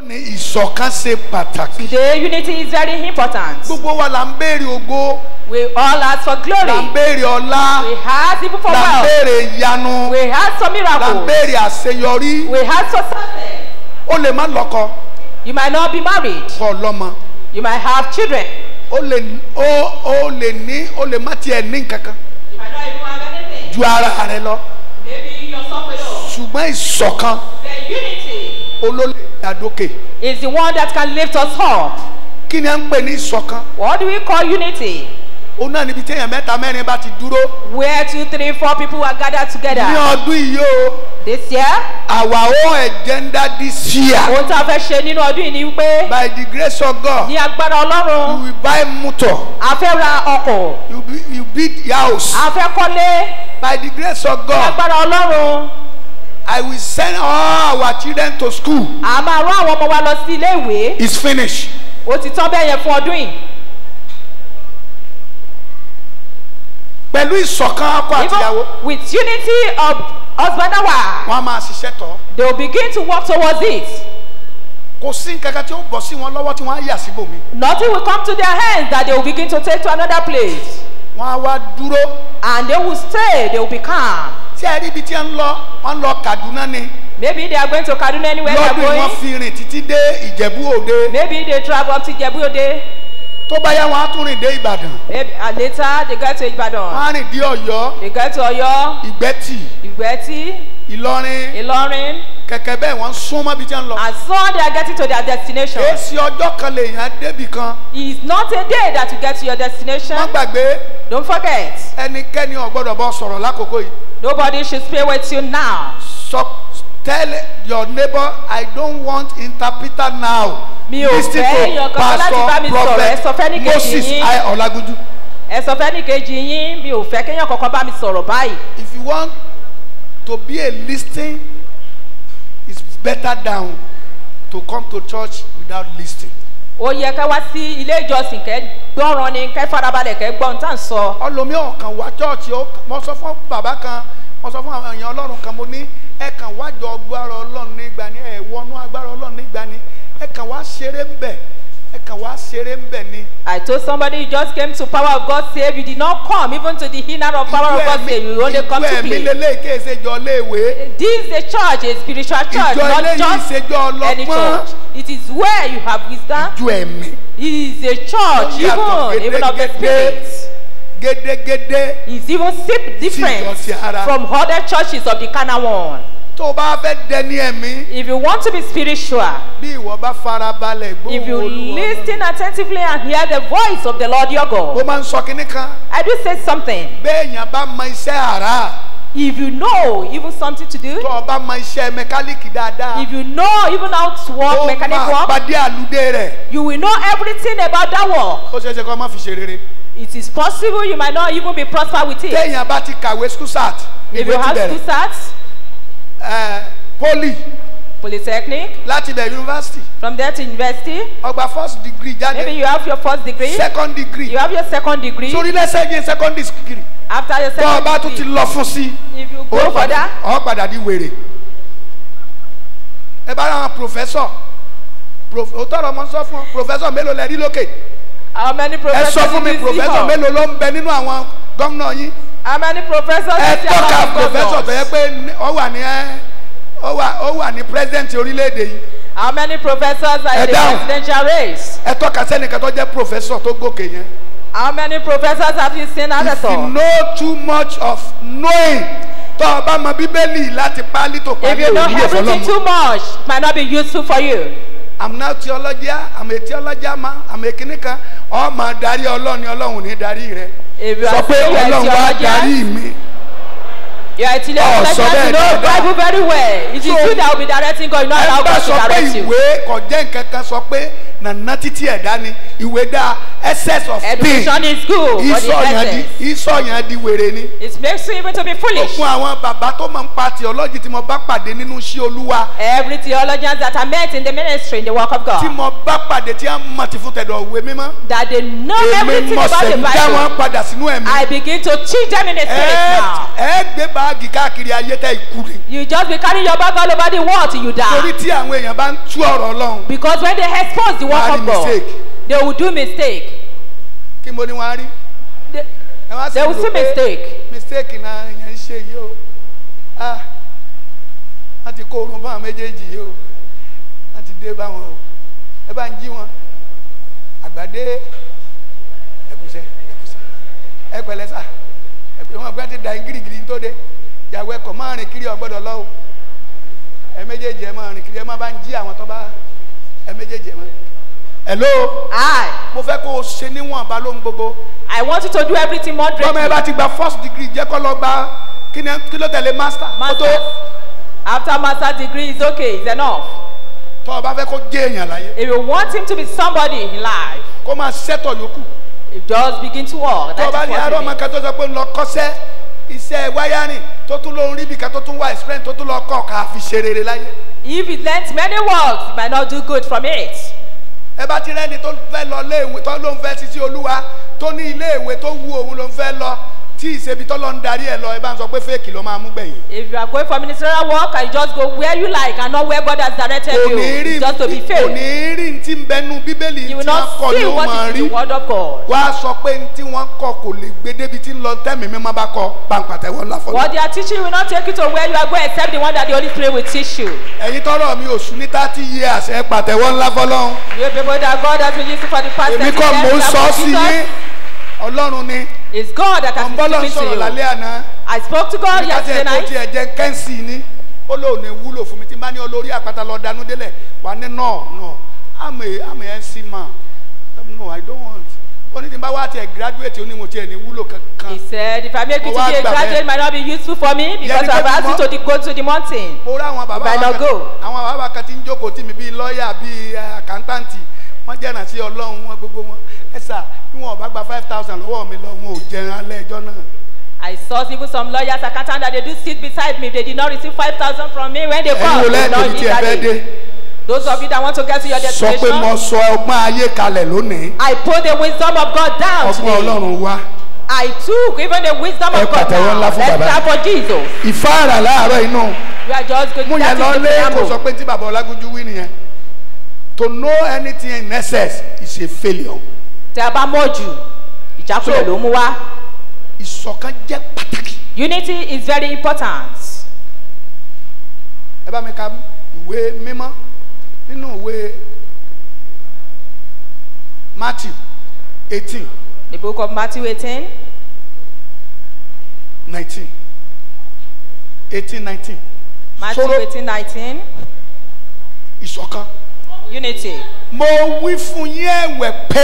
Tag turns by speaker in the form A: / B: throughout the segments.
A: lónìí ìṣọ̀kan ṣe pàtàkì. today unity is very important. gbogbo wa la ń béèrè ògo. we all ask for glory. la ń béèrè ọlá. we ask even for wealth. la ń béèrè ìyanu. we ask for miracle. la ń béèrè àṣeyọrí. we ask for success. o lè má lọ́kọ. you might not be married. kọ́ ọlọ́mọ. you might have children. o lè o o lè ní o lè má tiẹ̀ ní nkankan. you might not even have anything. ju ara rẹ lọ. maybe your self alone. ṣùgbọ́n ìṣọ̀kan. the unity. olólè adókè. is the one that can lift us up. kí ni à ń pè ní ìṣọ̀kan. what do we call unity. òun náà níbi tí èèyàn mẹ́ta mẹ́rin bá ti dúró. where two three four people are gathered together. ní ọdún yìí o. this year. our own agenda this year. ohun tá a fẹ́ ṣe nínú ọdún yìí ni wípé. by the grace of God. ní agbára ọlọ́run. you will buy motor. a fẹ́ ra ọkọ̀. you build your house. a fẹ́ kọ́lé. by the grace of God. ní agbára ọlọ́run. I will send all our children to school. A máa rán àwọn ọmọ wa lọ sí ilé ìwé. It's finished. Ó ti tán bẹ́ẹ̀ yẹn fún ọdún yìí. Pẹ̀lú ìṣọ̀kan akọ àtìyàwó. With unity of husband and wife. Wọ́n á máa ṣiṣẹ́ tọ́. They will begin to work towards it. Kò sí nǹkan kan tí ó bọ̀ sí wọn lọ́wọ́ tí wọ́n á yà síbò mi. Nothing will come to their hands that they will begin to take to another place. Wọ́n á wá dúró. And they will stay, they will be calm tí ẹ rí ibi tí ẹ ń lọ wọn lọ Kaduna ni. maybe they are going to Kaduna anywhere they are going. lọ́dún wọn fi rìn títí dé Ìjẹ̀bú Òde. maybe they travel up to Ìjẹ̀bú Òde. tó bá yá wọn á tún rìn dé Ìbàdàn. maybe and uh, later they get to Ìbàdàn. wọn á rìn dé Ọ̀yọ́. they get to Ọ̀yọ́. Ìgbẹ́tì. Ìgbẹ́tì. Ìlọrin. Ìlọrin kẹ̀kẹ́ bẹ́ẹ̀ wọ́n súnmọ́ bí jẹ́ ń lọ. and soon they are getting to their destination. èsì ọjọ́ kan lè yàn débì kan. it's not a day that you get to your destination. má gbàgbé. don't forget. ẹnikẹ́ni ò bọ́ sọ̀rọ̀ lákòókò yìí. nobody should stay with you now. sọ tell your neighbor i don't want interpreter now. mi ò fẹ́ yan láti bá mi sọ̀rọ̀ ẹ sọ fẹ́ ní kejì yín. moses ọlágúnjú. ẹ sọ fẹ́ ní kejì yín mi ò fẹ́ kéèyàn kankan bá mi sọ̀rọ̀ báyìí. if you want to be a lis ten better down to come to church without listening. ó yẹ ká wá sí ilé ìjọsìn kẹ gbọ́ràn ni kẹ farabalẹ̀ kẹ gbọ́n tá à ń sọ. ọlọmíọ kan wá chọọchì ó mọ sọ fún bàbá kan mọ sọ fún àwọn èèyàn Ọlọrun kan mo ní ẹ kàn wájọ agbára ọlọ́run nígbà ni ẹ wọnú agbára ọlọ́run nígbà ni ẹ kàn wá ṣeré ń bẹ̀. I told somebody you just came to power of God save you did not come even to the inner of power of God save you only come to play. This is a church a spiritual church not just any church. It is where you have wisdom. It is a church even even of the spirit gedegede. is even different from other churches of the Canaan. one tó o bá fẹ́ dẹni ẹ̀mí. if you want to be spiritual. bí ìwọ bá farabalẹ̀ gbóhùn olúwa. if you listen attentively and hear the voice of the lord your god. ó máa ń sọ kinní kan. i do say something. béèyàn bá mọ iṣẹ́ àrà. If you know even something to do. Tó o bá mọ iṣẹ́ mẹkáníìkì dáadáa. If you know even how to work mechanic work. Ó máa pàdé àlùdé rẹ̀. You will know everything about that work. Ó ṣeé ṣe kó o má fi ṣe rere. It is possible you might not even be prosper with it. Téèyàn bá ti kàwé school If you have school sat uh, poly polytechnic. láti the university. from there to university. ọgbà first degree jáde. maybe you have your first degree. second degree. you have your second degree. sori lẹsẹ yẹn second degree. after your second degree. tó o bá tún ti lọ fún sí. if you go for that. ọ̀ padà di wèrè. ẹ bá àwọn professor òtọ́rọ̀ ọmọ sọ fún professor mélòó lẹ rí how many professors did you see for. ẹ sọ fún mi professor mélòó ló ń bẹ nínú àwọn gómìnà yín how many professors. ẹ tọ́ka professor tó yẹ pé ó wà ní ó wà ní president orílẹ̀-èdè yìí. how many professors are in presidential race. ẹ tọ́ka sẹ́nìkan tó jẹ́ professor tó gòkè yẹn. how many professors have you seen if you know too much of knowing tọ́ ọ bá mọ bíbélì láti pálí tó pálí òwúlò fọlọ́mù. if you know everything too much it might not be useful for you. I'm not theologian, I'm a theologian man, I'm a kìnìkan, ọmọ darí ọlọ́run ni ọlọ́run ní darí rẹ sọ pé ọlọ́run wá darí mi. You are actually oh, so that you know the Bible very well. It is so, you that will be directing God, not I will be directing you. Ẹ bá sọ pé ìwé kò jẹ́ sọ pé nànà títí ẹ̀dá ni ìwé dá excess of pain. education is good for the essence. ìsọ yẹn di wèrè ni. it makes you even to be foolish. òkun àwọn bàbá tó máa ń pa theology tí mo bá pàdé nínú iṣẹ́ olúwa. every theologian that I met in the ministry in the work of God. tí mo bá pàdé tí a mọ̀ ti fún tẹ̀dọ̀ òwe mímọ́. that they know everything about the Bible. èmi mọ̀sẹ̀ ń dá wọn padà sínú ẹ̀mí. I begin to teach them in the spirit now. ẹ gbé báàgì káàkiri ayé tẹ ikú ni. you just be carrying your bag all over the world till you die. torí tí àwọn èèyàn bá ń tú ọ̀rọ̀ ọlọ́run. because when they expose the work of God they will do mistake. kí mo ní wọn á rí. they will see mistake. mistake na yẹn ṣe yìí o ah wọ́n ti kó oorun báwọn méjèèjì yìí o wọ́n ti dé báwọn o ẹ bá ń jí wọn àgbàdé ẹkùsẹ ẹkùsẹ ẹ pẹ̀lẹ́ sà ẹkùsẹ wọn gbọ́dọ̀ ti da yín girigiri tó dé yàwó ẹkọ máa rìn kiri ọgbọ́dọ̀ lọ o ẹ méjèèjì ẹ máa rìn kiri ẹ má bá ń jí àwọn tó bá ẹ méjèèjì ẹ máa rìn hello. hi. mo fẹ́ kó o ṣe níwọ̀nba lóhun gbogbo. I want you to do everything moderately. bọ́mọ ẹ bá ti gba first degree jẹ́ kó lọ gba kí ló tẹ̀lé master. master after master degree is okay it's enough. tọ́ ọ bá fẹ́ kó jẹ́ èèyàn láyé. if you want him to be somebody in life. kó máa ṣẹ́tọ̀ yòókù. just begin to work. tọ́ ọ bá ní arọ́ ọmọ kan tó sọ pé ń lọ kọ́sẹ́ iṣẹ́ wáyárìn tó tún lóun rí ibìkan tó tún wá explain? tó tún lọ kọ́ ká fi ṣe rere láyé. if he learnt many words he might not do good from it ẹ bá ti rẹ́ni tó fẹ́ lọ léèwé tó ló ń fẹ́ sisi olúwa tó ní iléèwé tó wu òun ló ń fẹ́ lọ tí ìṣebi tọ́lọ́ ń darí ẹ lọ ẹ bá ń sọ pé fèkì ló máa mú gbẹ̀yìn. if you are going for ministerial work I just go where you like and not where God has directed you just to be fair. kò ní rí n tí ń bẹnu bíbélì tí wọ́n kọ ni ó máa rí wá sọ pé n wọ́n kọ kò lè gbé débi tí ń lọ tẹ́mi mi máa bá kọ pàǹpàtẹ́wọ́ láfọlọ́. what they are teaching will not take you to where you are going except the one that the only pray with tissue. you. ẹ̀yin tọ́rọ̀ mi ò sùn ní thirty years ẹ pàtẹ́wọ́ ńlá fọlọ́run. you people that God has been using for the past thirty years. èmi kọ́ mò ń sọ sí yín ọlọ́run ni. It's God that has been speaking to you. I spoke to God yesterday night. Nígbà wúlò fún mi tí n bá ní olórí àpáta lọ danú délẹ̀ wà ní no no I'm a NC man no I don't want ó ní tí n bá wá tiẹ̀ graduate ó mo tiẹ̀ ní wúlò kankan. He said if I make you to be a graduate it might not be useful for me because I have asked you to go to the mountain. Mo rá àwọn go." àwọn bàbá kan tí ń jókòó tì mí bíi lọ́ọ̀yà bíi àkántáǹtì eh, wọ́n jẹ́ ìrántí Ọlọ́run wọn gbogbo wọn sà bí wọn bá gba five thousand lọ́wọ́ mi lọ wọn ò jẹun alẹ́ ẹjọ́ náà. I saw even some lawyers accountant that they do sit beside me they did not receive five thousand from me when they call me lọ ní ìdádé. Those of you that want to get to your destination. Sọ pé mo sọ ọgbọ́n ayé kalẹ̀ lónìí. I put the wisdom of God down today. Ọgbọ́n Ọlọ́run wá. I took even the wisdom of God down. Let's clap for Jesus. Ìfáàrà láàárọ̀ inú. We are just going to start to pray. Mo yẹ lọ lé kó sọ pé tí bàbá Ọlágúnjú wí nìyẹn. To know anything in excess is a failure tẹ bá mọ̀ jù ìjákulẹ̀ ló mú wá. ìṣọ̀kan jẹ́ pàtàkì. unity is very important. ẹ bá mi ka ìwé mímọ́ nínú ìwé Matthew eighteen. the book of Matthew eighteen. nineteen eighteen nineteen. Matthew eighteen nineteen. ìṣọ̀kan. unity. mo wí fún yín ẹ̀wẹ̀ pé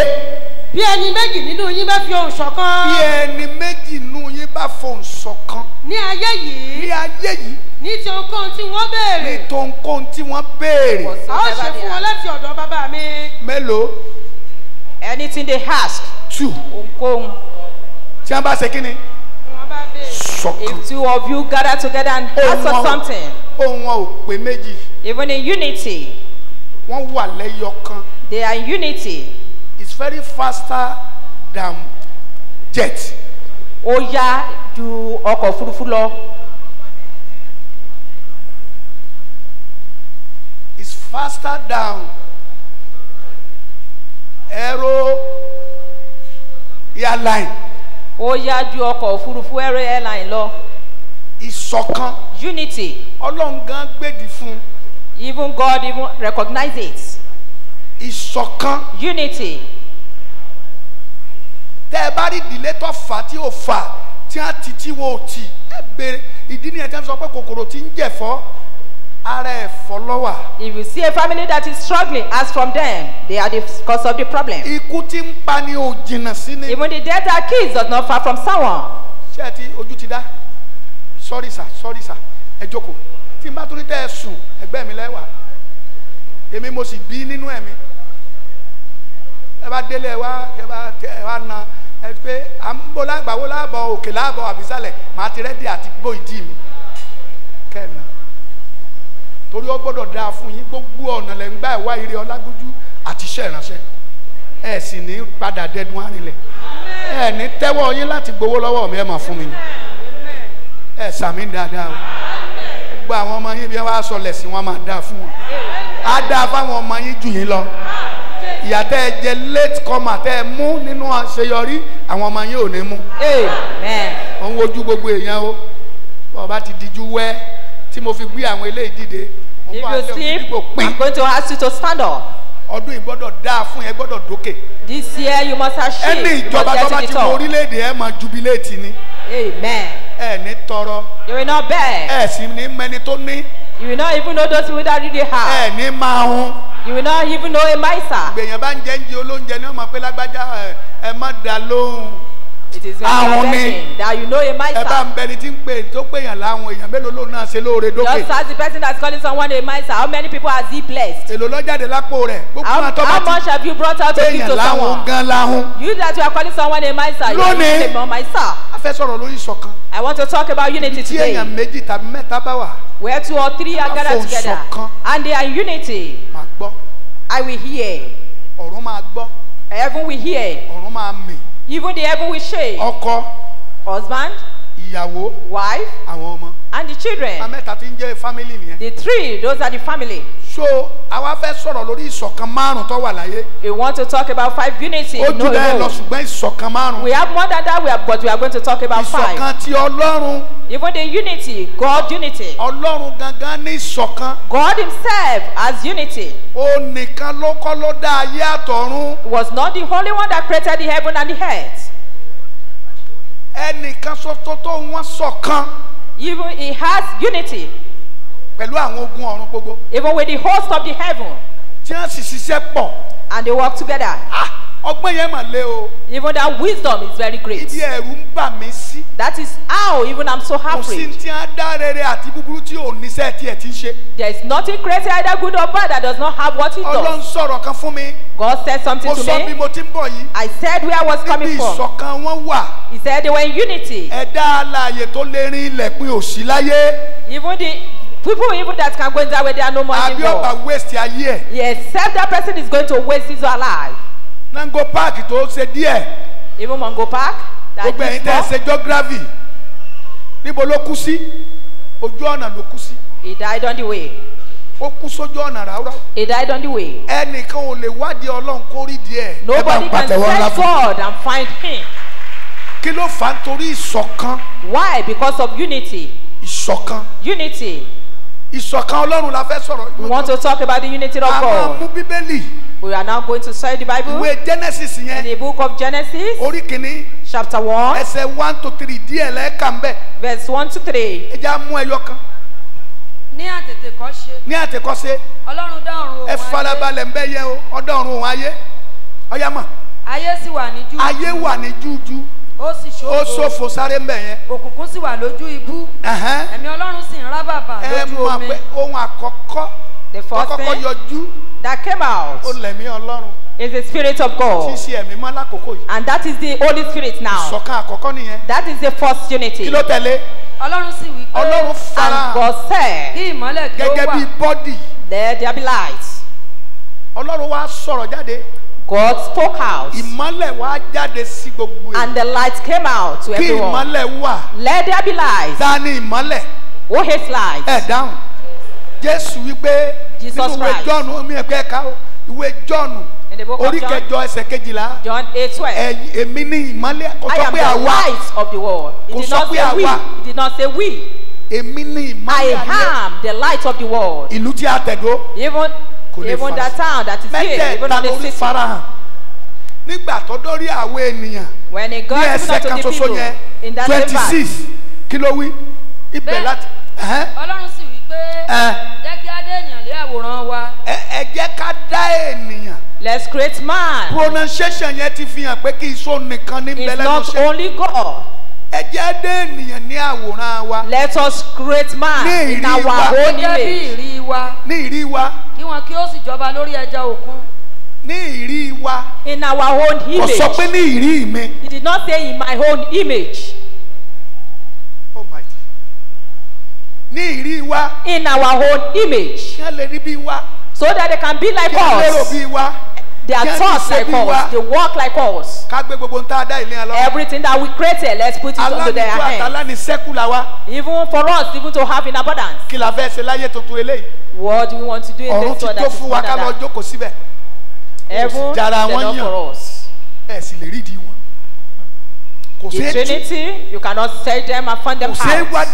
A: bí ẹni méjì nínú yín bá fi ohùn ṣọ̀kan. bí ẹni méjì nínú yín bá fohùn ṣọ̀kan. ní ayé yìí. ní ayé yìí. ní ti ohunkóhun tí wọ́n béèrè. ní ti ohunkóhun tí wọ́n béèrè. a ó ṣe fún wọn láti ọ̀dọ̀ bàbá mi. mélòó. anything they ask. two. ohunkóhun. tí wọ́n bá ṣe kí ni. wọ́n bá béèrè. ṣọ̀kan. if two of you gather together and ask for something. ohun wọn ò pé méjì. even in unity. wọ́n wà lẹ́yọ̀kan. they are in unity very faster than jet. ó yá ju ọkọ̀ òfurufú lọ. it's faster than aero airline. ó yá ju ọkọ̀ òfurufú aero airline lọ. ìṣọ̀kan. unity. ọlọ́run gbèdì fún even God even recognize it. ìṣọ̀kan. unity tẹ́ ẹ bá rí ìdílé tó fà tí ò fà tí wọ́n ti tí wọ́n ò tì ẹ béèrè ìdí nìyẹn tí wọ́n sọ pé kòkòrò ti ń jẹ̀fọ́ ara ẹ̀fọ́ lọ́wà. if you see a family that is struggling ask from them they are the cause of the problem. ikú tí ń pa ni ò jìnnà sí ni. even the death that kills does not far from someone. ṣé ẹ ti ojú ti dá sorry sir sorry sir ẹ jókòó tí n bá torí tẹ́ ẹ sùn ẹgbẹ́ mi lẹ́wà èmi mo sì bí nínú ẹ̀mí. ẹba délé na ẹ pé à ń bó lágbàwó láàbọ̀ ti rẹ́dí àti gbó ìdí mi kẹna torí ó gbọ́dọ̀ dáa fún yín gbogbo ọ̀nà lẹ́ ń gbà ẹ̀wá ire ọlágójú àti iṣẹ́ ìránṣẹ́ ẹ sì ní padà àrìnlẹ̀ ẹ ní tẹ́wọ́ yín láti gbowó fún mi ẹ sàmì dáadáa o gbogbo àwọn ọmọ yín bí sọ lẹ̀sìn fún wọn á dáa fáwọn ọmọ yín jù ìyà tẹ́ ẹ jẹ late comer tẹ́ ẹ mú nínú àṣeyọrí àwọn ọmọ yín ò ní mú. ó ń wojú gbogbo èèyàn o bàbá ti dijú wẹ́ tí mo fi gbé àwọn eléyìí dìde.
B: if you sleep
A: i'm going to ask you to stand up. ọdún yìí gbọ́dọ̀ dáa fún yẹn gbọ́dọ̀ dókè. this year you must achieve. ẹni ìjọba tó bá ti mọ orílẹ̀-èdè ẹ̀ máa jubilate ni. ẹ ní tọrọ. you will not beg. ẹ sì ní mẹni tó ní. you will not even know those who don't really have. ẹ ní máa hun. You will not even know a miser. Gbèyàn bá ń jẹ́ ń jẹ olóúnjẹ ní ọmọ pé lágbájá ẹ má dá lóhùn. It is very important that you know a miser. Ẹ bá ń bẹni tí ń pè tó péyàn láwọn èèyàn mélòó lòun náà ṣe lóore dókè. Just ask the person that is calling someone a miser how many people has he blessed? Èlò lọ́jáde lápò rẹ̀. How, much have you brought out to give to someone? Péyàn láwọn gan láhùn. You that you are calling someone a miser. Lónìí. You are a miser. fẹ́ sọ̀rọ̀ lórí ìṣọ̀kan. I want to talk about unity today. Tí èèyàn méjì tàbí mẹ́ta bá wà. Where two or three are gathered together. And they are unity. I will hear. Ọ̀run Heaven will hear. Even the heaven will shake. Ọkọ. Husband. Ìyàwó. Wife. Àwọn ọmọ. And the children. Amẹ́ta ti ń jẹ́ family nìyẹn. The three those are the family so àwa fẹ́ sọ̀rọ̀ lórí ìṣọ̀kan márùn tó wà láyé. we want to talk about five unity ó jù bẹ́ẹ̀ lọ ṣùgbọ́n ìṣọ̀kan márùn we have more than that we are but we are going to talk about five. ìṣọ̀kan ti ọlọ́run. even the unity God unity. ọlọ́run gangan ní ìṣọ̀kan. God himself has unity. ó nìkan ló kọ́ ló dá ayé àtọ̀run. was not the only one that created the heaven and the earth. ẹnìkan ṣoṣo tó wọ́n ṣọ̀kan. even he has unity pẹ̀lú àwọn ogun ọ̀run gbogbo. even with the host of the heaven. tí wọ́n sì ṣiṣẹ́ pọ̀. and they work together. ah ọgbọ́n yẹn mà le o. even that wisdom is very great. ibi ẹ̀rù ń bà mí sí. that is how even I'm so happy. kò sí ti á dá rere àti búburú tí ò ní sẹ́ẹ̀ tí ẹ̀ ti ṣe. there is nothing created either good or bad that does not have what it does. Ọlọ́run sọ̀rọ̀ kan fún mi. God said something to me. Mo sọ bí mo ti ń bọ̀ yìí. I said where I was coming from. Níbi ìṣọ̀kan wọn wà. He said they were in unity. Ẹ̀dá alààyè tó lè rin ilẹ̀kùn òsì láyé. Even the People even that can go and die where they are no money. Have you ever waste ayé year? Yes, self that person is going to waste his or life. Nango Park tó ṣe díẹ̀. Even Mango Park. Gbogbo ẹ̀yin tẹ́ ẹ ṣe geography. Níbo ló kú sí? Ojú He died on the way. Ó kú sójú ọ̀nà ráúráú. He died on the way. Ẹnìkan ò lè wádìí Ọlọ́run kó rí Nobody can search God and find him. Kilo ló fà Why? Because of unity. Ìṣọ̀kan. Unity ìṣọ̀kan ọlọ́run la fẹ́ sọ̀rọ̀. we want to talk about the unity of God. a máa mú bíbélì. we are now going to study the bible. ìwé genesis yẹn. the book of genesis. orí kìíní. chapter one. ẹsẹ̀ one to three díẹ̀ lẹ́ẹ̀ka ń bẹ̀. verse one to three. ẹ jẹ́ a ẹyọ kan.
B: ní àtètèkọ́ṣe.
A: ní àtètèkọ́ṣe.
B: ọlọ́run dá ọ̀run òun ayé. ẹ farabalẹ̀
A: ń bẹ́ yẹ o ọdọ̀ ọ̀run òun ayé ọyá mọ̀.
B: ayé sì wà ní jújú. ayé wà ní jújú ó sì ṣòfò ó ṣòfò sáré mbẹ yẹn. òkùnkùn sì wà lójú ibú. ẹ̀mí ọlọ́run sì ń rá bàbà lójú omi. ẹ mọ̀ pé ohun àkọ́kọ́ kọ́kọ́kọ́ yọjú. that
A: came out. ó lẹ̀mí ọlọ́run. is the spirit of God. tí ń ṣe ẹ̀mí mọ́ lákòókò yìí. and that is the holy spirit now. ìṣọ̀kan àkọ́kọ́ nìyẹn. that is the first unity. kí ló tẹ̀lé.
B: ọlọ́run sì wí pé. ọlọ́run fara. and God
A: said. kí ìmọ̀lẹ̀ kí ó wà. gẹ́gẹ́ bí bọ́dì. there there be light. ọlọ́run wá sọ̀rọ̀ jáde. God spoke out, And the light came out to everyone. Let there be light. Dání ìmọ́lẹ̀. Who hates light? Ẹ dáhùn. Jésù wípé nínú John. Jọ́ọ̀nù omi ẹ̀gbẹ́ ẹ̀ka ìwé Jọ́ọ̀nù orí kẹjọ ẹsẹ̀ kejìlá ẹ̀yìn èmi ní ìmọ́lẹ̀ kò sọ pé àwa kò sọ pé àwa èmi ní ìmọ́lẹ̀ I am the light of the world. Ìlú tí a tẹ̀dó. Even kò lè fara mẹ́tẹ̀ẹ̀ta lórí farahàn nígbà tó dórí àwọn ènìyàn ní ẹsẹ̀ kan ṣoṣo yẹn
B: twenty six
A: kilo ló wí ibẹ̀ láti.
B: ọlọ́run sì wí pé jẹ́ kí á dé ènìyàn lé àwòrán wa. ẹ jẹ́ ká
A: dá ènìyàn. let's create man. pronunciation yẹn ti fi hàn pé kì í so nìkan ní bẹ́lẹ́ ló ṣe. it's not only God. ẹ jẹ́ dé ènìyàn ní àwòrán wa. let us create man in our own image. ní
B: ìrí wa ní ìrí wa kí wọn kí ó sì jọba lórí ẹja òkun. ní ìrí wa. in our own image. kò sọ pé ní ìrí mi. he did not
A: say in my own image. Almighty. Oh, ní ìrí wa. in our own image. kí wọ́n lè rí bí wa. so that they can be like us. kí wọ́n lérò bí wa. Their thoughts like us. They walk like us. Everything that we created, let's put it under their hands. Even for us, even to have in abundance. What do we want to do in this world that is better than Heaven, they're not for us. The Trinity, you cannot search them and find them out.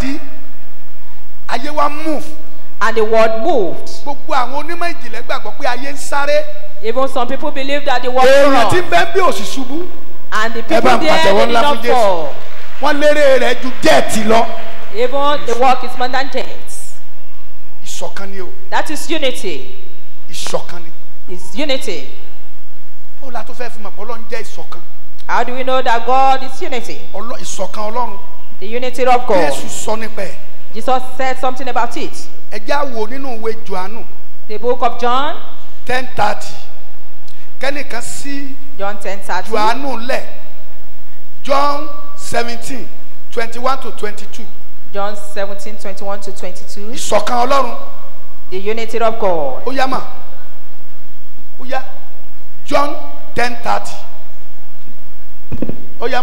A: And the word moved even some people believe that they were wrong. èrè tí bẹ́ẹ̀ bí òsì ṣubú. and the people there did not fall. wọ́n lérè rẹ̀ ju jẹ́ẹ̀tì lọ. even the work is more than jets. ìṣọ̀kan ni o. that is unity. ìṣọ̀kan ni. is unity. ó la tó fẹ́ fi mọ̀ pé ọlọ́run jẹ́ ìṣọ̀kan. how do we know that God is unity? ọlọ́ ìṣọ̀kan ọlọ́run. the unity of God. Jésù sọ nípa ẹ̀. Jesus said something about it. ẹ já wo nínú ìwé Jòhánù. the book of John. ten thirty kẹ́nìkan sí John ten thirty juanu lẹ̀ John seventeen twenty one to twenty two. John seventeen twenty one to twenty two. Ìṣọ̀kan Ọlọ́run. The unity of God. Ó yá mà. John ten thirty. Ó yá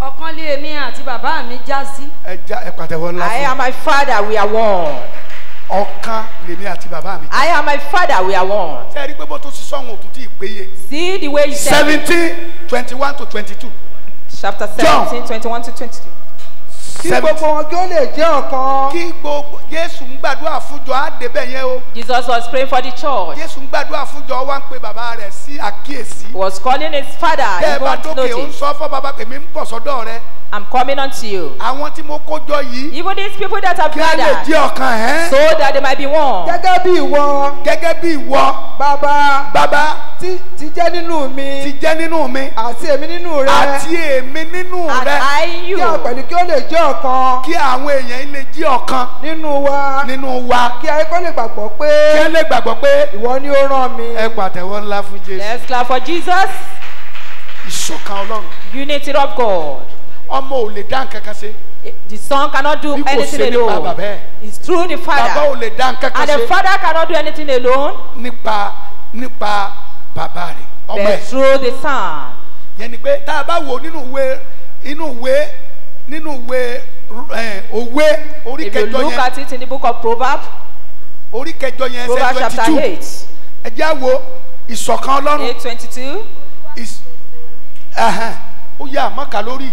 B: ọ̀kan lé èmi àti bàbá mi já sí. ẹ já ẹ
A: pàtẹ́wọ́ ńlá fún. I am my father we are one. ọ̀kan lèmi àti bàbá mi. I am my father we are one. ṣe é rí pé bó tó ti sọ̀hún òtún tí ì péye. see the way he said. seventeen twenty one to twenty two. chapter seventeen twenty one to twenty two kí gbogbo wọn kí ó lè jẹ́ ọ̀kan. kí gbogbo Jésù ń gbàdúrà fúnjọ á débẹ̀ yẹn o. Jesus was praying for the church. Jésù ń gbàdúrà fúnjọ wá ń pe bàbá rẹ̀ sí àkíyèsí. was calling his father. bẹ́ẹ̀ bá dókè ó ń sọ fún bàbá pèmí ń pọ̀ sọ́dọ̀ rẹ. I'm coming unto you. Àwọn tí mo kó jọ yìí. Even these people that have gathered. Kí a lè di ọ̀kan ẹ́. So that they might be one. Gẹ́gẹ́ bí ìwọ. Gẹ́gẹ́ bí ìwọ. Bàbá. Bàbá. Ti ti jẹ́ nínú mi. Ti jẹ́ nínú mi. Àti èmi nínú rẹ. Àti èmi nínú rẹ. And I you. Kí àpẹ̀lú kí ó lè jẹ́ ọ̀kan. Kí àwọn èèyàn lè jí ọ̀kan. Nínú wa. Nínú wa. Kí ayé kọ́ lè gbàgbọ́ pé. Kí ẹ lè gbàgbọ́ pé. Ìwọ ni ó rán mi. Ẹ pàtẹ́wọ́ ńlá fún Jésù. Let's clap for Jesus. Ìṣọ̀kan Ọlọ́run. Unity of God ọmọ ò lè dá nǹkan kan ṣe. Eh, the son cannot do anything alone. bí kò ṣe nípa bàbá ẹ̀. it's through the father. bàbá ò lè dá nǹkan kan ṣe. and the father cannot do anything alone. nípa nípa bàbá rẹ̀ ọmọ ẹ̀. but through the son. yẹn ni pé tá a bá wò nínú ìwé inú ìwé nínú ìwé eh, òwe orí kẹjọ yẹn. if you look at it in the book of Proverbs. orí kẹjọ yẹn ẹsẹ̀ twenty two. Proverbs chapter eight. ẹ jẹ́ àwo ìṣọ̀kan ọlọ́run. eight twenty two. ó yà mọ́kà lórí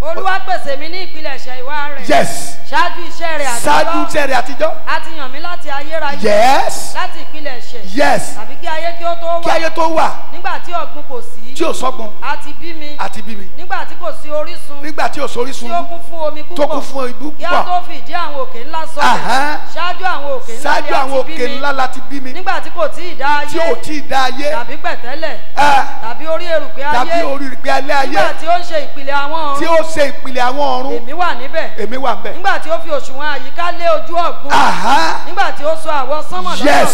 B: olúwa pèsè mi ní ìpilẹ̀ṣẹ̀ ìwà rẹ̀. yes. ṣáájú iṣẹ́ rẹ̀ àtijọ́. ṣáájú iṣẹ́ rẹ̀ àtijọ́. a ti yàn mí láti ayérayé. yes. láti ìpilẹ̀ṣẹ̀. yes. tàbí kí ayé kí ó tó wà. nígbà tí ọ̀gbun kò sí tí ò sọ́gbọ́n. àti bí mi. àti bí mi. nígbà tí kò sí orísun. nígbà tí ò sí orísun. tí ó kún fún omi púpọ̀. tó kún fún omi púpọ̀. kí tó fi ìdí àwọn òkè ńlá sọlẹ̀. ṣáájú àwọn òkè ńlá ṣáájú àwọn òkè ńlá la ti bí mi. nígbà tí kò tí ì dá ayé. tí ò tí ì dá ayé. tàbí pẹ̀tẹ́lẹ̀. tàbí orí erùpẹ̀ ayé. tàbí orí erùpẹ̀ alẹ́ ayé. nígbà tí ó ṣe ìpìlẹ̀ àwọn ọ̀run. tí ó ṣe ìpìlẹ̀ fi òṣùwọ̀n àyíká lé ojú ọ̀gbun. nígbà tí ó sọ àwọ sánmọ̀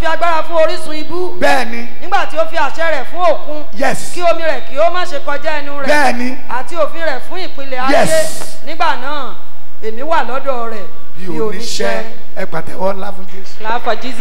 B: fi agbára fún orísun ibú. bẹ́ẹ̀ni. nígbà fi àṣẹ rẹ̀ fún òkun. yes. kí omi rẹ̀ kí ó má ṣe kọjá ẹnu rẹ̀. bẹ́ẹ̀ni. àti òfin rẹ̀ fún ìpìlẹ̀ ayé. yes. nígbà náà èmi wà lọ́dọ̀ rẹ̀ bí oníṣẹ́
A: ẹ pàtẹ́wọ́ ńlá for Jesus.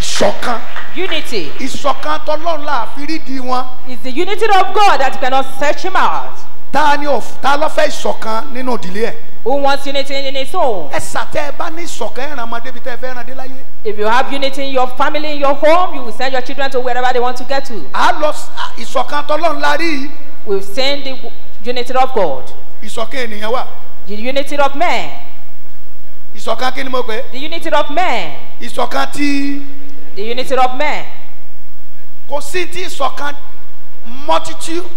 A: ìṣọ̀kan. unity. ìṣọ̀kan tọ́lọ́run la fi rí di wọn. it's the unity of God that cannot search him out. ta ni o ta ló fẹ́ ìṣọ̀kan nínú ìdílé ẹ̀. who wants unity in his own. ẹ sàtẹ́ ẹ bá ní ìṣọ̀kan ẹ̀ràn ọmọdé bíi tẹ́ ẹ dé láyé. If you have unity in your family, in your home, you will send your children to wherever they want to get to. a lọ ìṣọ̀kan tọ́lọ́run la We will send the unity of God. ìṣọ̀kan ènìyàn wà. The unity of men. ìṣọ̀kan kí ni mo pè. The unity of men. ìṣọ̀kan ti. The unity of men. kò sí ti ìṣọ̀kan multitude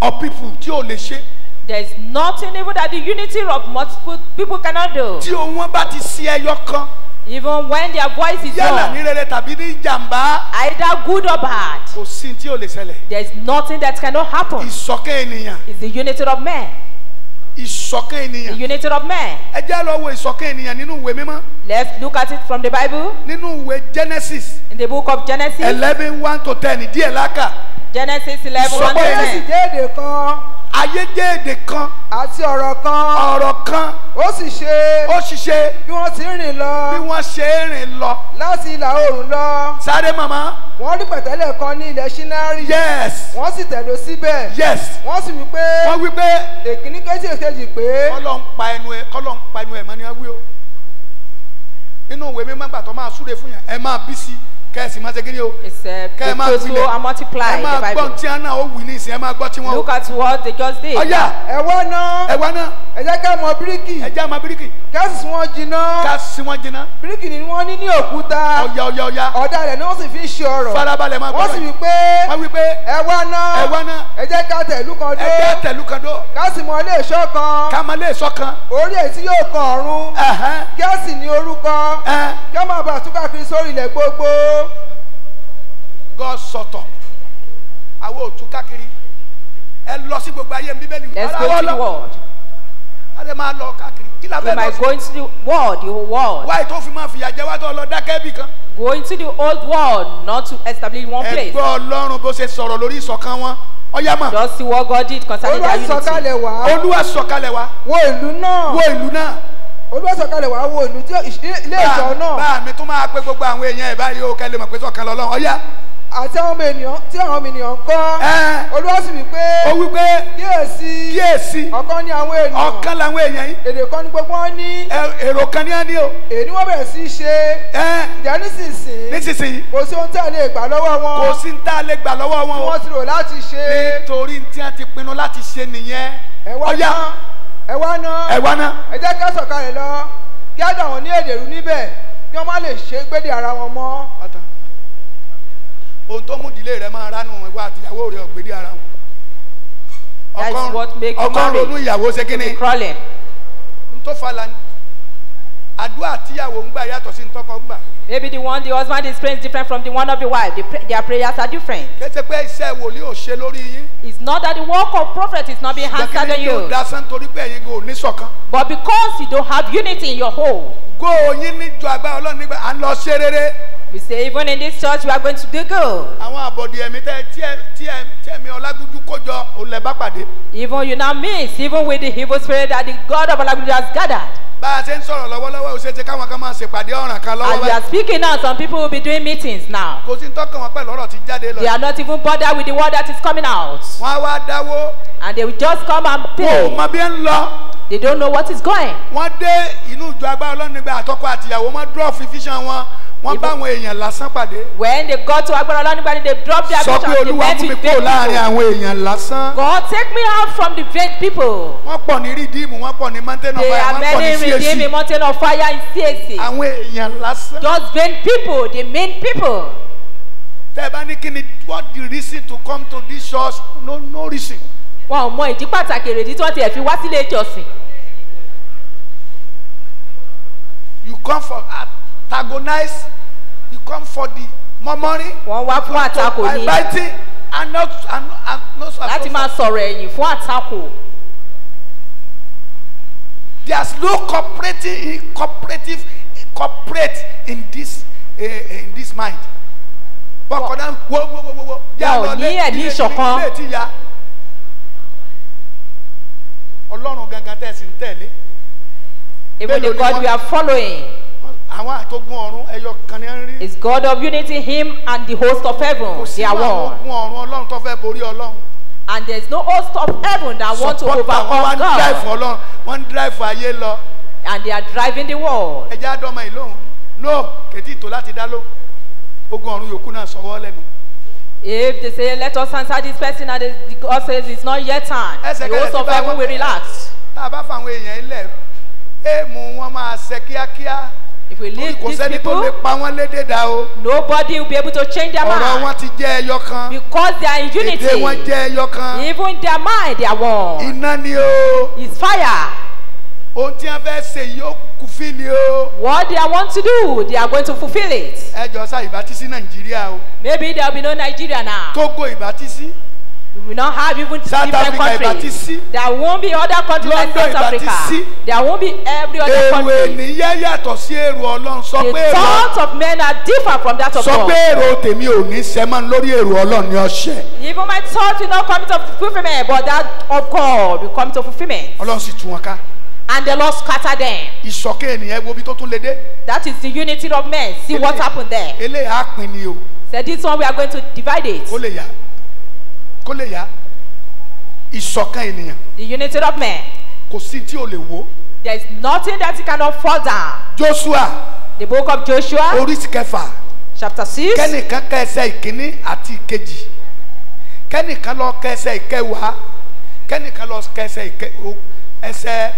A: of people tí o lè ṣe. There is nothing even that the unity of multiple people cannot do. tí ohun bá ti sí ẹyọ kan even when their voice is low. yálà rere tàbí ní jàmbá. either good or bad. kò sí tí ò lè ṣẹlẹ̀. there is nothing that cannot happen. ìṣọ̀kan ènìyàn. is the unity of men. ìṣọ̀kan ènìyàn. the unity of men. ẹ jẹ́ lọ wo ìṣọ̀kan ènìyàn nínú ìwé mímọ́. let's look at it from the bible. nínú ìwé genesis. in the book of genesis. eleven one to ten díẹ̀ láka. genesis
B: eleven one to ten. ìṣọ̀kan ènìyàn sì
A: jẹ́ kan ayédèdè kan. àti ọ̀rọ̀ kan. ọ̀rọ̀ kan. ó sì ṣe. ó sì ṣe. bí wọ́n ti rìn lọ. bí wọ́n ṣe rìn lọ. láti ìlà oòrùn lọ. sáré màmá. wọ́n rí pẹ̀tẹ́lẹ̀ kan ní ilẹ̀ ṣínárì. yes. wọ́n sì tẹ̀dó síbẹ̀. yes. wọ́n sì wí pé. wọ́n wí pé. èkíní kejì èkejì pé. kọ́lọ́ ń pa ẹnu ẹ kọ́lọ́ ń pa ẹnu ẹ mọ́ ni wọ́n wí o. inú òwe mi má gbàtọ́ máa súre fún yàn ẹ máa bí sí i kẹ́sì máa ṣe kí ni o. except uh, the total and multiply the bible. ẹ máa gbọ́ tí wọn náà ó wí nísìnyí ẹ máa gbọ́ tí wọn. look at what they just did. ọ̀yà ẹ̀wọ́ náà ẹ̀wọ́ náà. ẹ jẹ́ ká mọ bíríkì. ẹ jẹ́ ká bíríkì. ká sì wọ́n jiná. ká sì wọ́n jiná. bíríkì ni wọ́n ní ní òkúta. ọ̀yà ọ̀yà ọ̀yà. ọ̀dà rẹ̀ ni wọ́n sì fi ń ṣe ọ̀rọ̀. farabalẹ̀ máa gbọ́dọ̀. wọ́n sì wí pé. wọ́n wí pé. ẹ̀wọ́ náà. ẹ̀wọ́ náà. ẹ jẹ́ ká tẹ̀lú kan dó. ẹ jẹ́ tẹ̀lú kan dó. ká sì mọ ilé ìṣọ́ kan. ká mọ ilé ìṣọ́ kan. orí gbogbo. God sọ̀tọ̀ àwọn òtún káàkiri ẹ lọ sí gbogbo ayé bíbélì ara wọn lọ a lè máa lọ káàkiri kí la fẹ́ lọ sí. you might go into
B: the world the world.
A: wáyé tó fi máa fìyà jẹ wá tó lọ dákẹ́ bì kan. go into the old world not to establish one place. ẹgbẹ́ ọlọ́run bó ṣe sọ̀rọ̀ lórí ìṣọ̀kan wọn ọyá mà. just see what God did concerning their unity. olúwa sọ̀kalẹ̀ wá. olúwa sọ̀kalẹ̀ wá. wo ìlú náà. wo ìlú náà olúwa sọ̀kalẹ̀ wá wo ìlú tí ilé ìjọ náà. bá a mi tún máa pé gbogbo àwọn èèyàn ẹ̀ báyìí ó kẹ́lẹ́ mọ̀ pé sọ̀kan lọ́lọ́run ọyá àti àwọn ọmọ ènìyàn tí àwọn ọmọ ènìyàn ń kọ́. olúwa sì wí pé. ó wí pé. kíyèsí. kíyèsí. ọ̀kan ni àwọn ènìyàn. ọ̀kan làwọn èèyàn yìí. èdè kan ni gbogbo wọn ní. èrò kan ní àní o. èyí wọ́n bẹ̀rẹ̀ sí í ṣe. ǹjẹ́ nísinsìnyí. nísinsìnyí. kò sí ohun tí a lè gbà lọ́wọ́ wọn. kò sí ohun tí a lè gbà lọ́wọ́ wọn. wọ́n ti rò láti ṣe. nítorí tí a ti pinnu láti ṣe nìyẹn. ẹ wá ná ẹ wá ná ẹ jẹ́ ká ara wọn ohun tó mú ìdílé rẹ máa ránú ìwà àtìyàwó rẹ ọ̀gbẹ́dẹ́ ara wọn. ọkọ ronú ìyàwó ṣe kí ni n àdúrà tíyàwó ń gbà yàtọ̀ sí ntọ́kọ ń gbà. maybe the one the husband is praying is different from the one of the wife the pray, their prayers are different. kése pé iṣẹ́ wòlíì ò ṣe lórí yín. it's not that the work of prophet is not being answered on you. ṣùgbọ́n kí ni yóò dasán torí pé ẹ̀yin kò ní ṣọ̀kan. but because you don't have unity in your home. góò yín níjọ àgbà ọlọ́run nígbà à ń lọ ṣe rere. We say even in this church we are going to do good. Even you now miss even with the evil spirit that the God of Ọlágúnjú has gathered. Bá a ṣe ń sọ̀rọ̀ lọ́wọ́lọ́wọ́ ò ṣe ṣe káwọn kan máa ṣèpàdé ọ̀ràn kan lọ́wọ́. As we are speaking now some people will be doing meetings now. Kò sí ń wọn pẹ̀lú ọ̀rọ̀ tí jáde lọ. They are not even bothered with the word that is coming out. Wọ́n á wá dáwó. And they will just come and pay. Wò ó mọ bí ń lọ. They don't know what is going. Wọ́n dé inú ìjọ agbára Ọlọ́run nígbà àtọ́kọ àtìyàwó wọ́n dúró fi wọn wọ́n bá àwọn èèyàn lásán pàdé. when they got to agbára ọlọ́run they dropped their vision they met with vain people. sọ pé olúwa mú mi kúrò láàrin àwọn èèyàn lásán. God take me out from the vain people. wọ́n pọ̀ ní redeem wọ́n pọ̀ ní mountain of fire wọ́n pọ̀ ní CAC. they are many redeem in mountain of fire in CAC. àwọn èèyàn lásán. just vain people the main people. tẹ́ ẹ bá ní kí ni what the reason to come to this church no no reason. wọn ò mọ ìdí pàtàkì èrèdí tí wọ́n ti ẹ̀ fi wá sílé ìjọsìn. you come for art antagonize you come for the murmuring. wọ́n wá fún àtakò ní. by biting and not and, and not so. láti máa sọ̀rọ̀ ẹ̀yìn fún àtakò. there is no cooperative cooperative cooperate in this uh, in this mind. bọ́kọ̀dá wo wo wo wo. wọ́n ní ẹ̀dí ìṣọ̀kan. ilé ti ya ọlọ́run gangan tẹ̀sí ń tẹ̀lé. èwo ni God we are following àwọn àtògùn ọ̀run ẹyọ kan ni ń rí. is God of unity him and the host of heaven they are one. kò sí àwọn ogun ọ̀run ọlọ́run tó fẹ́ borí ọlọ́run. and there is no host of heaven that want to overcome God. sọpọ́tà wọn wá ń drive ọlọ́run wọ́n ń drive ayé lọ. and they are driving the world. ẹ jẹ́ àdọ́mọ yìí lóhùn no kètí ìtò láti dá ló ogun ọ̀run yòókù náà sọwọ́ lẹ́nu. if they say let us answer this person and the God says it's not yet time the host of heaven will relax. tá a bá fa àwọn èèyàn ilẹ̀ èèmù wọn máa ṣe kíákíá if we leave these people. nobody will be able to change their mind. ọ̀rọ̀ wọn ti jẹ́ ẹyọ kan. because they are in unity. èdè wọn jẹ́ ẹyọ kan. even their mind they are one. iná ni o. it's fire. ohun tí wọ́n fẹ́ ṣe yóò fulfill o. what they want to do they are going to fulfill it. ẹ jọ sá ìbátí sí nàìjíríà o. maybe there will be no nigeria now. togo ìbátí sí. We will not have even South different Africa countries. Si. There won't be other countries London like South Africa. There won't be every other Ewe country. The thoughts of men are different from that of God. Even my thoughts will not come to fulfilment but that of God will come to fulfilment. And the Lord scattered them. That is the unity of men. See what happened there. Eléyà Said this one we are going to divide it kó lè yá ìṣọ̀kan ènìyàn. the unity of men. kò sí tí o lè wó. there is nothing that you cannot fall down. joshua. the book of joshua. oríṣi kẹfà. chapter six. kẹ́nìkan kẹ́ ìkíní àti ìkejì kẹ́nìkan lọ kẹ́ ìkẹwàá kẹ́nìkan lọ kẹ́ ìkẹ ẹsẹ̀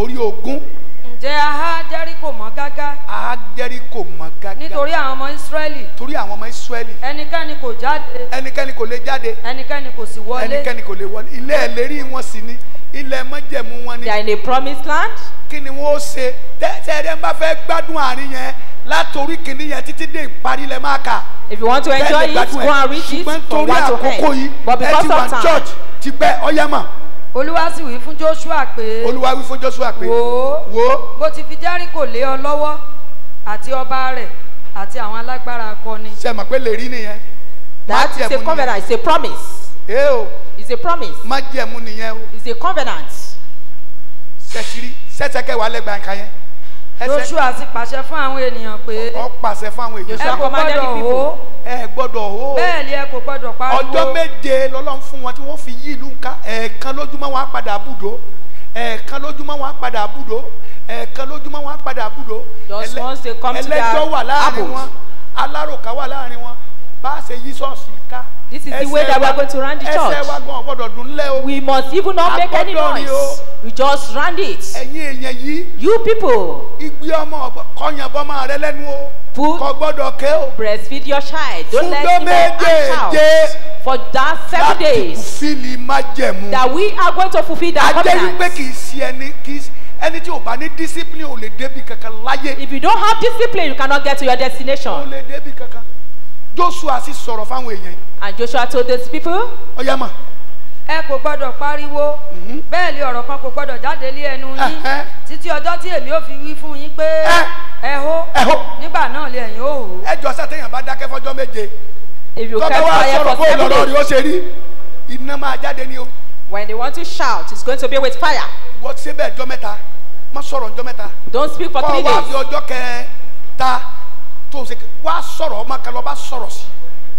A: orí ogún
B: jẹ́ aha jẹ́ríkò mọ́ gágá. aha jẹ́ríkò mọ́ gágá. nítorí àwọn ọmọ israẹli. torí àwọn ọmọ israẹli. ẹnikẹ́ni kò jáde. ẹnikẹ́ni kò lè jáde. ẹnikẹ́ni kò sì wọlé. ẹnikẹ́ni
A: kò lè wọlé. ilé ẹlẹ́rìí wọn sì ni
B: ilẹ̀ májẹ̀mú wọn ni. they are in a promised
A: land. kí ni wọ́n ó ṣe tẹ́tẹ́rẹ́ bá fẹ́ gbádùn àárín yẹn látòrí kìíní yẹn títí dé ìparí lẹ máa kà. if you want to enjoy it go and read it from one to end but because of time. ṣùgbọ́n torí àkókò yìí ẹ ti wà church
B: ti pẹ́ ọyẹ́mọ̀ olúwa sì wí fún joshua pé. olúwa wí fún joshua pé. wo wo. mo ti fi jẹ́ríkò lé ọ lọ́wọ́ àti ọba rẹ̀ àti àwọn alágbára akọni. ṣe mọ̀ pé lè rí nìyẹn. that is a covenant It's a promise.
A: ee o. is a promise. má jẹ̀mú nìyẹn o. is a covenant. ṣètìrí
B: ṣẹ́tẹ́kẹ́ wàá lẹ́gbàá nǹkan yẹn. Joshua sì pàṣẹ fún àwọn ènìyàn pé. Ó pàṣẹ fún àwọn ènìyàn. Joshua kò gbọ́dọ̀ hó. Ẹ gbọ́dọ̀ hó. Bẹ́ẹ̀ni ẹ kò gbọ́dọ̀ pariwo. Ọjọ́ méje
A: lọ́lọ́run fún wọn tí wọ́n fi yí ìlú ká. Ẹ̀ẹ̀kan lójúmọ́ wọn á padà bùdó. Ẹ̀ẹ̀kan lójúmọ́ wọn á padà bùdó. Ẹ̀ẹ̀kan lójúmọ́ wọn á padà bùdó. Ẹlẹ́jọ́ wà láàrin wọn. Aláròká wà láàrin wọn. Bá a ṣe yí ṣọ́ọ̀ṣì ká This is the way that we are going to run the church. We must even not make any noise. We just run it. You people. Put, breastfeed your child. Don't let him out for that seven days. That we are going to fulfill that covenant. if you don't have discipline you cannot get to your
B: destination. Joshua sì sọ̀rọ̀ fáwọn èèyàn. And Joshua told those people. Ọ̀yá mà. Ẹ kò gbọ́dọ̀ pariwo. Mm-hmm. Bẹ́ẹ̀ ni ọ̀rọ̀ kan kò gbọ́dọ̀ jáde lé ẹnu yín. Eh, eh. Títí ọjọ́ tí èmi ó fi wí fún yín pé eh. ẹ hó. Nígbà náà lè ẹ̀yin ó Ẹ jọ sátẹ̀yìn bá dákẹ́ fọ́jọ́ méje. Tọ́pẹ́ wá sọ̀rọ̀ bó lọ́rọ́ rí
A: ó ṣe rí. Iná máa jáde ni o. When they want to shout, it's going to be with fire. Wọ́n ti ṣe bẹ́ẹ̀ jọ mẹ́ta. Má sọ̀rọ̀ jọ mẹ́ta. Don't speak for three days. Kọ́ tó ṣe wá sọ̀rọ̀ ọmọ kan lọ́ba sọ̀rọ̀ sí.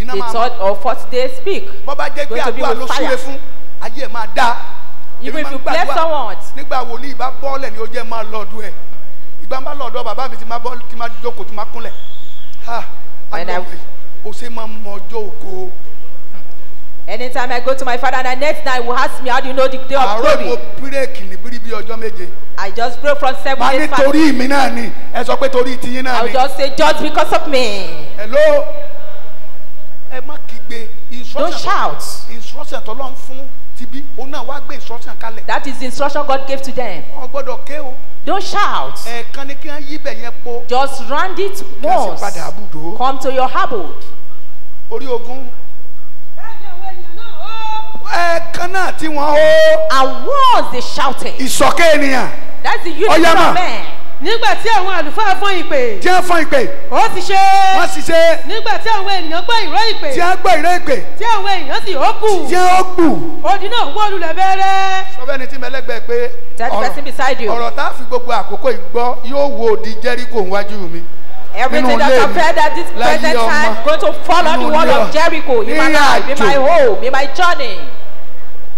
A: iná máa mọ the third or fourth day speak. bọ́ba jẹ́ pé àdúrà ló súre fún ayé ẹ̀ máa dá. even if you bless someone. nígbà wòlíì bá bọ́ọ̀lẹ̀ ni ó jẹ́ máa lọ́ọ̀dún ẹ̀ ìgbà máa lọ́ọ̀dọ́ bàbá mi ti máa bọ́ọ̀lù ti máa jókòó ti máa kúnlẹ̀ ha àgbẹ̀ òṣè máa mọ ọjọ́ ògo anytime i go to my father and the next night he will ask me how do you know the day of glory. I just pray from seven days fast. I will just say just because of me. hello don't shout. that is the instruction God gave to them. Don't shout. Just run it once. Come to your abode ẹ̀ẹ̀kan náà tí wọ́n hó. at once they shouted. ìsọ̀kè ènìyàn. that's the unity oh, yeah, of men. nígbà tí àwọn àlùfáà fọ́n ìpè. tí wọ́n fọ́n ìpè. ó ti ṣe. wọ́n ti ṣe. nígbà tí àwọn ènìyàn gbọ́ ìró ìpè. tí wọ́n gbọ́ ìró ìpè. tí àwọn ènìyàn sì ó kù. tí wọ́n ó kù. odi náà wó lulẹ̀ bẹ́rẹ́. sọfẹ́ni tí mẹlẹ́gbẹ̀ẹ́ pé ọ̀rọ̀ tá a fi gbogbo àkókò ìgbọ́ yóò wo odi Everything that compared at this present time is going to follow the word of Jericho in my life, in my home, in my journey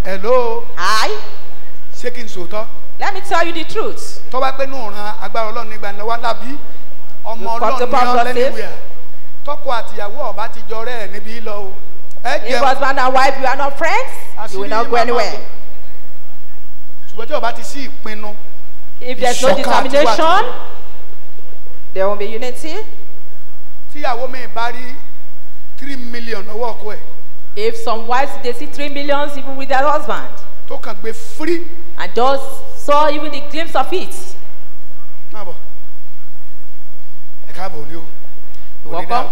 A: hello. hi. ṣé kí n sòótọ́. let me tell you the truth. tó bá pé nù ran agbára ọlọ́run nígbà ni wá lábí ọmọ ọlọ́run ní ọlẹ́niwìà tọkọ àtìyàwó ọba ti jọ rẹ níbí lọ o. if husband and wife you are not friends
B: you will not go anywhere.
A: ṣùgbọ́n tí ọba ti sí ìpinnu. if there is no determination there won't be unity. tíyàwó mi bá rí three million lọ́wọ́ ọkọ ẹ̀. If some wives, they see three millions even with their husband. talk and be free. And just saw even the glimpse of it. Má bọ̀, ẹ káàbọ̀ ni you. Welcome. kọ́.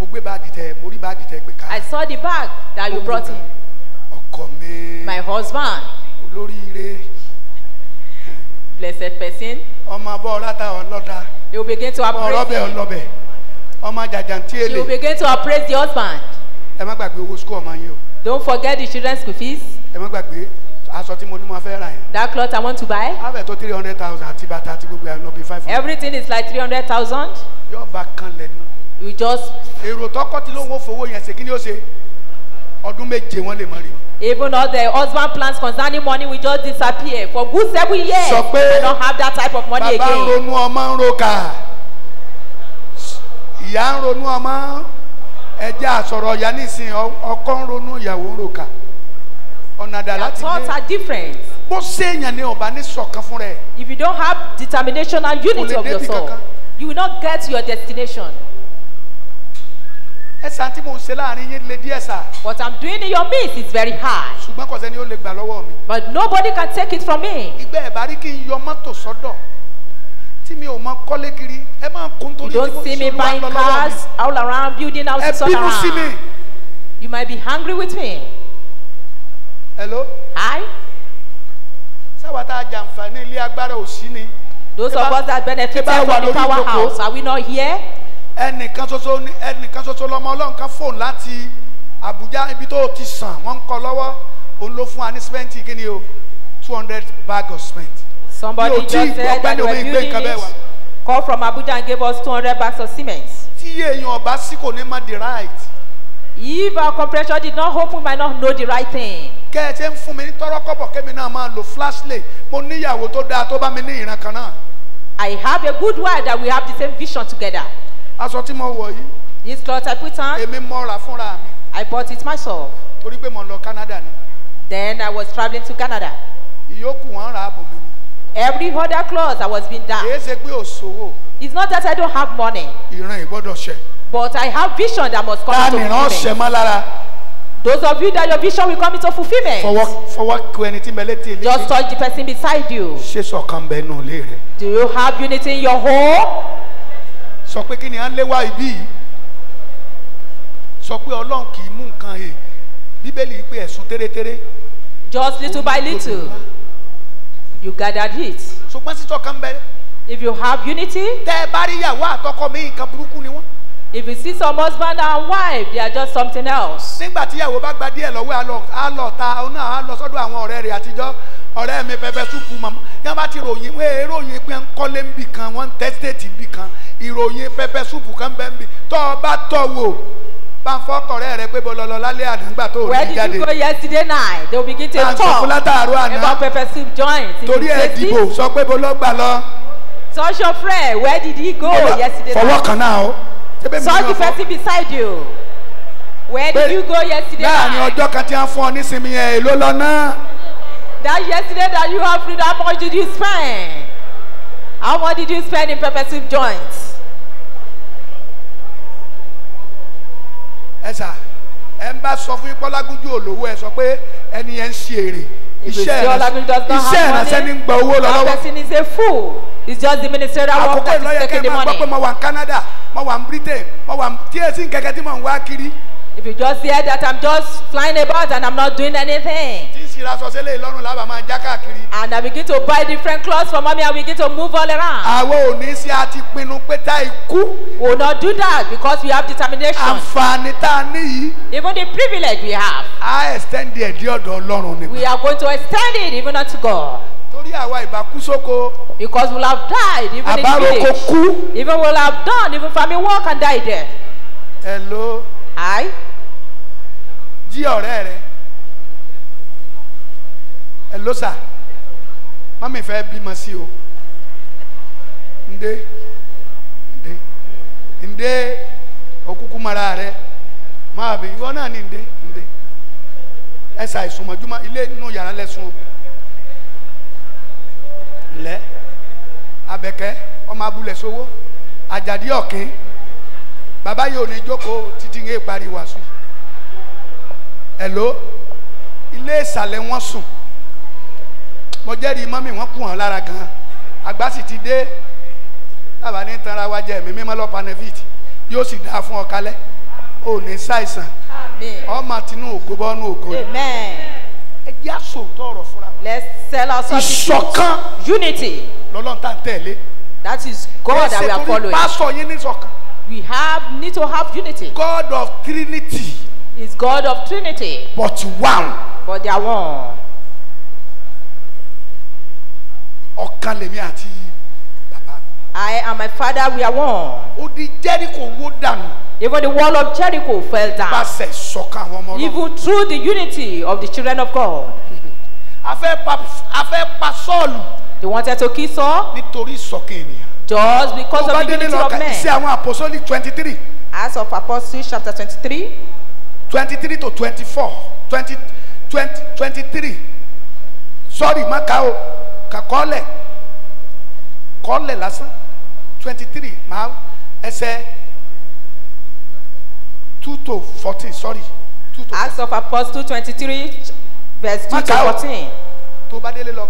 A: Mo gbé báàgì tẹ, mo rí báàgì tẹ gbé I saw the bag that you brought in. My husband. Blessed person. Ọmọ abọ́ begin to appraise him. Ọmọ begin to appraise the husband ẹ má gbàgbé owó school ọmọ yín o. don't forget the children's school fees. ẹ má gbàgbé aṣọ tí mo ní mo fẹ́ rà yẹn. that cloth I want to buy. abẹ tó three hundred thousand àti bàtà àti gbogbo àná bíi five everything is like three hundred thousand. yóò bá kan lẹ́nu. you just. èrò tọkọ tí ló ń wo fowó yẹn ṣe kí ni ó ṣe ọdún méje wọn lè mọ rí. even all the husband plans concerning money will just disappear for good seven years. sọ pé I don't have that type of money again. bàbá ń ronú ọmọ ń roka ìyá ń ronú ọmọ ẹjẹ́ àsọ̀rọ̀ ọ̀yà nísìnyí ọkọ ń ronú ìyàwó ń roka ọ̀nà àdá láti dé. your thoughts are different. ni ọba ní ṣọ̀kan fún rẹ̀. if you don't have determination and unity of yourself you will not get your destination. ẹ̀sà tí mò ń ṣe láàrin yín le díẹ̀ sà. what I'm doing in your midst is very hard. ṣùgbọ́n kò sẹ́ni ó lè gbà lọ́wọ́ mi. but nobody can take it from me. ìgbẹ́ ẹ̀ bá rí kí n yọ mọ́tò sọ́dọ̀ tí mi ò kọ́lé kiri ẹ máa kún torí tí mo ṣe olúwa mi. you don't see me buying cars all around building houses all around. ẹ bínú sí mi. you might be angry with me. hello. hi. sábà tá a jàǹfààní ilé agbára òsì ni.
B: those of us that benefit from the power house
A: are we not here. ẹnìkan ṣoṣo ẹnìkan ṣoṣo lọmọ ọlọ́run kan fóun láti Àbújá ibi tó ti sàn wọ́n ń kọ lọ́wọ́ òun ló fún wa ní sìmẹ́ǹtì kí ni o two hundred bag of cement. Somebody just said that we were building it. Called from Abuja and gave us 200 bags of cement. Tí èèyàn ọba sí the right. If our compression did not hope, we might not know the right thing. Kẹ́ ń fún mi ní tọ́rọ́ kọ́bọ̀ kémi náà máa lo flashlight. Mo níyàwó tó dáa tó bá mi ní ìran kan náà. I have a good wife that we have the same vision together. Aṣọ tí mo wọ̀ yìí. This cloth I put on. Èmi mo fúnra mi. I bought it myself. Torí pé mo lọ Canada ni. Then I was travelling to Canada. Ìyókù wọn rà á bọ̀ mi. Every other clause I was being down. It's not that I don't have money. But I have vision that must come into fulfilment. Those of you that your vision will come into fulfillment. Fọwọ́ fọwọ́ kú ẹni Just touch the person beside you. Do you have unity in your home? Sọ pé Ọlọ́run kì í mú nǹkan yìí. Bíbélì pé ẹ̀sùn térétéré. Just little by little you gathered it. ṣùgbọ́n sísọ kan bẹ̀rẹ̀. if you have unity. tẹ ẹ bá rí ìyàwó àtọkọ mi nǹkan burúkú ni wọn. if you see some husband and wife they are just something else. nígbà tí ìyàwó bá gba díẹ̀ lọ́wọ́ àlọ́ ta òun náà sọ́dọ̀ àwọn ọ̀rẹ́ rẹ̀ àtijọ́ ọ̀rẹ́ mi pẹpẹ súpù màmá yẹn bá ti ròyìn ròyìn pé ń kọ́lé nbì kan wọ́n ń tẹ́sítẹ́ẹ̀tì nbì kan ìròyìn pẹpẹ súpù kan bẹ́ẹ̀ nbì tọ́ ọ bá tọ́ wò bá ń fọkọrẹ rẹ pé bó lọlọ lálẹ́ àná nígbà tó rí jáde. where did you go yesterday night they will begin to talk. àǹtí fún látàárọ̀ àná. about pepper soup joint. torí ẹ dìbò sọ pé bó lọ gbà lọ. touch friend where did he go yesterday night. fọwọ́ kan náà o. touch the person beside you. where did you go yesterday night. láàrin ọjọ́ kan tí wọ́n fún ọ nísìnyí ẹ̀ ló lọ náà. that yesterday that you have freedom how much did you spend how much did you spend in pepper soup joint. ẹ ẹ ń bá sọ fún Bọ́lágúnjú olówó ẹ sọ pé ẹni yẹn ń ṣe èrè iṣẹ́ iṣẹ́ ìránṣẹ́ ní gba owó lọ́wọ́. person is a fool it's just the ministerial work taking the money. àkókò ìlọ́yẹ̀ kẹ́ ẹ máa gbọ́ pé mo wà ní Canada mo wà ní Britain mo wà tí èsì kẹ̀kẹ́ tí mò ń wá kiri. if you just hear that I'm just flying about and I'm not doing anything ra aṣọ sílé lọ́rùn lábàá máa já káàkiri. and I begin to buy different clothes for mommy and we begin to move all around. àwọn òní sí a ti pinnu pé tá ikú. we will not do that because we have determination. àǹfààní tá a ní yìí.
B: even the privilege we have.
A: a extend the ẹ̀dí ọ̀dọ̀ ọlọ́run nìkan. we are going to extend it even unto God. torí àwa ìbá because we have died even in village. àbárò kò kú. even we have done even family work and die there. hello. hi. jí ọ̀rẹ́ rẹ. hello sir mami fẹ́ ma sí o Nde, nde, nde òkúkú mara rẹ máa bẹ ìwọ náà ní ǹdẹ́ ǹdẹ́ ẹ ṣàìsùn ilé inú yàrá lẹ́sùn o ǹlẹ́ abẹ́kẹ́ ọmọ abúlé sowó àjàdí ọ̀kín bàbá yìí ò ní títí ní ìparí hello wọn mo jẹ́rìí mọ́mì wọ́n kù hàn lára gan àgbà sì ti dé bàbá ní tanra wa jẹ́ ẹ̀mí mímọ́ lọ́ọ́ panavit yóò sì dáa fún ọ kalẹ́ ò ní ṣàìsàn ọmọ tinú ògo bọ́nú ògo ẹ jẹ́ àsòótọ́ ọ̀rọ̀ fúnra ìṣọ̀kan unity lọ́lọ́run tá à ń tẹ̀lé that is God that we are following pásọ yín ní ìṣọ̀kan we have need to have unity God of Trinity is God of Trinity but one but they are one. ọ̀kan lèmi àti bàbá mi. I and my father we are one. Odi Jericho wó dànù. Even the wall of Jericho fell down. Pàṣẹ sọ̀kan àwọn ọmọ náà. Even through the unity of the children of God. A pa a pa Sọ́ọ̀lù. They wanted to kiss her. Nítorí ìṣọ̀kan ènìyàn. Just because of the unity of men. Iṣẹ́ àwọn apostolic twenty-three. Acts of Apostles chapter twenty-three. twenty-three to twenty-four twenty twenty twenty-three sorry má o kà kọ́lẹ̀ kọ́lẹ̀ lásán twenty three màá ẹsẹ̀ two to fourteen sorry two to fourteen. Acts of Apostles twenty three verse two to fourteen. tó bá délé lọ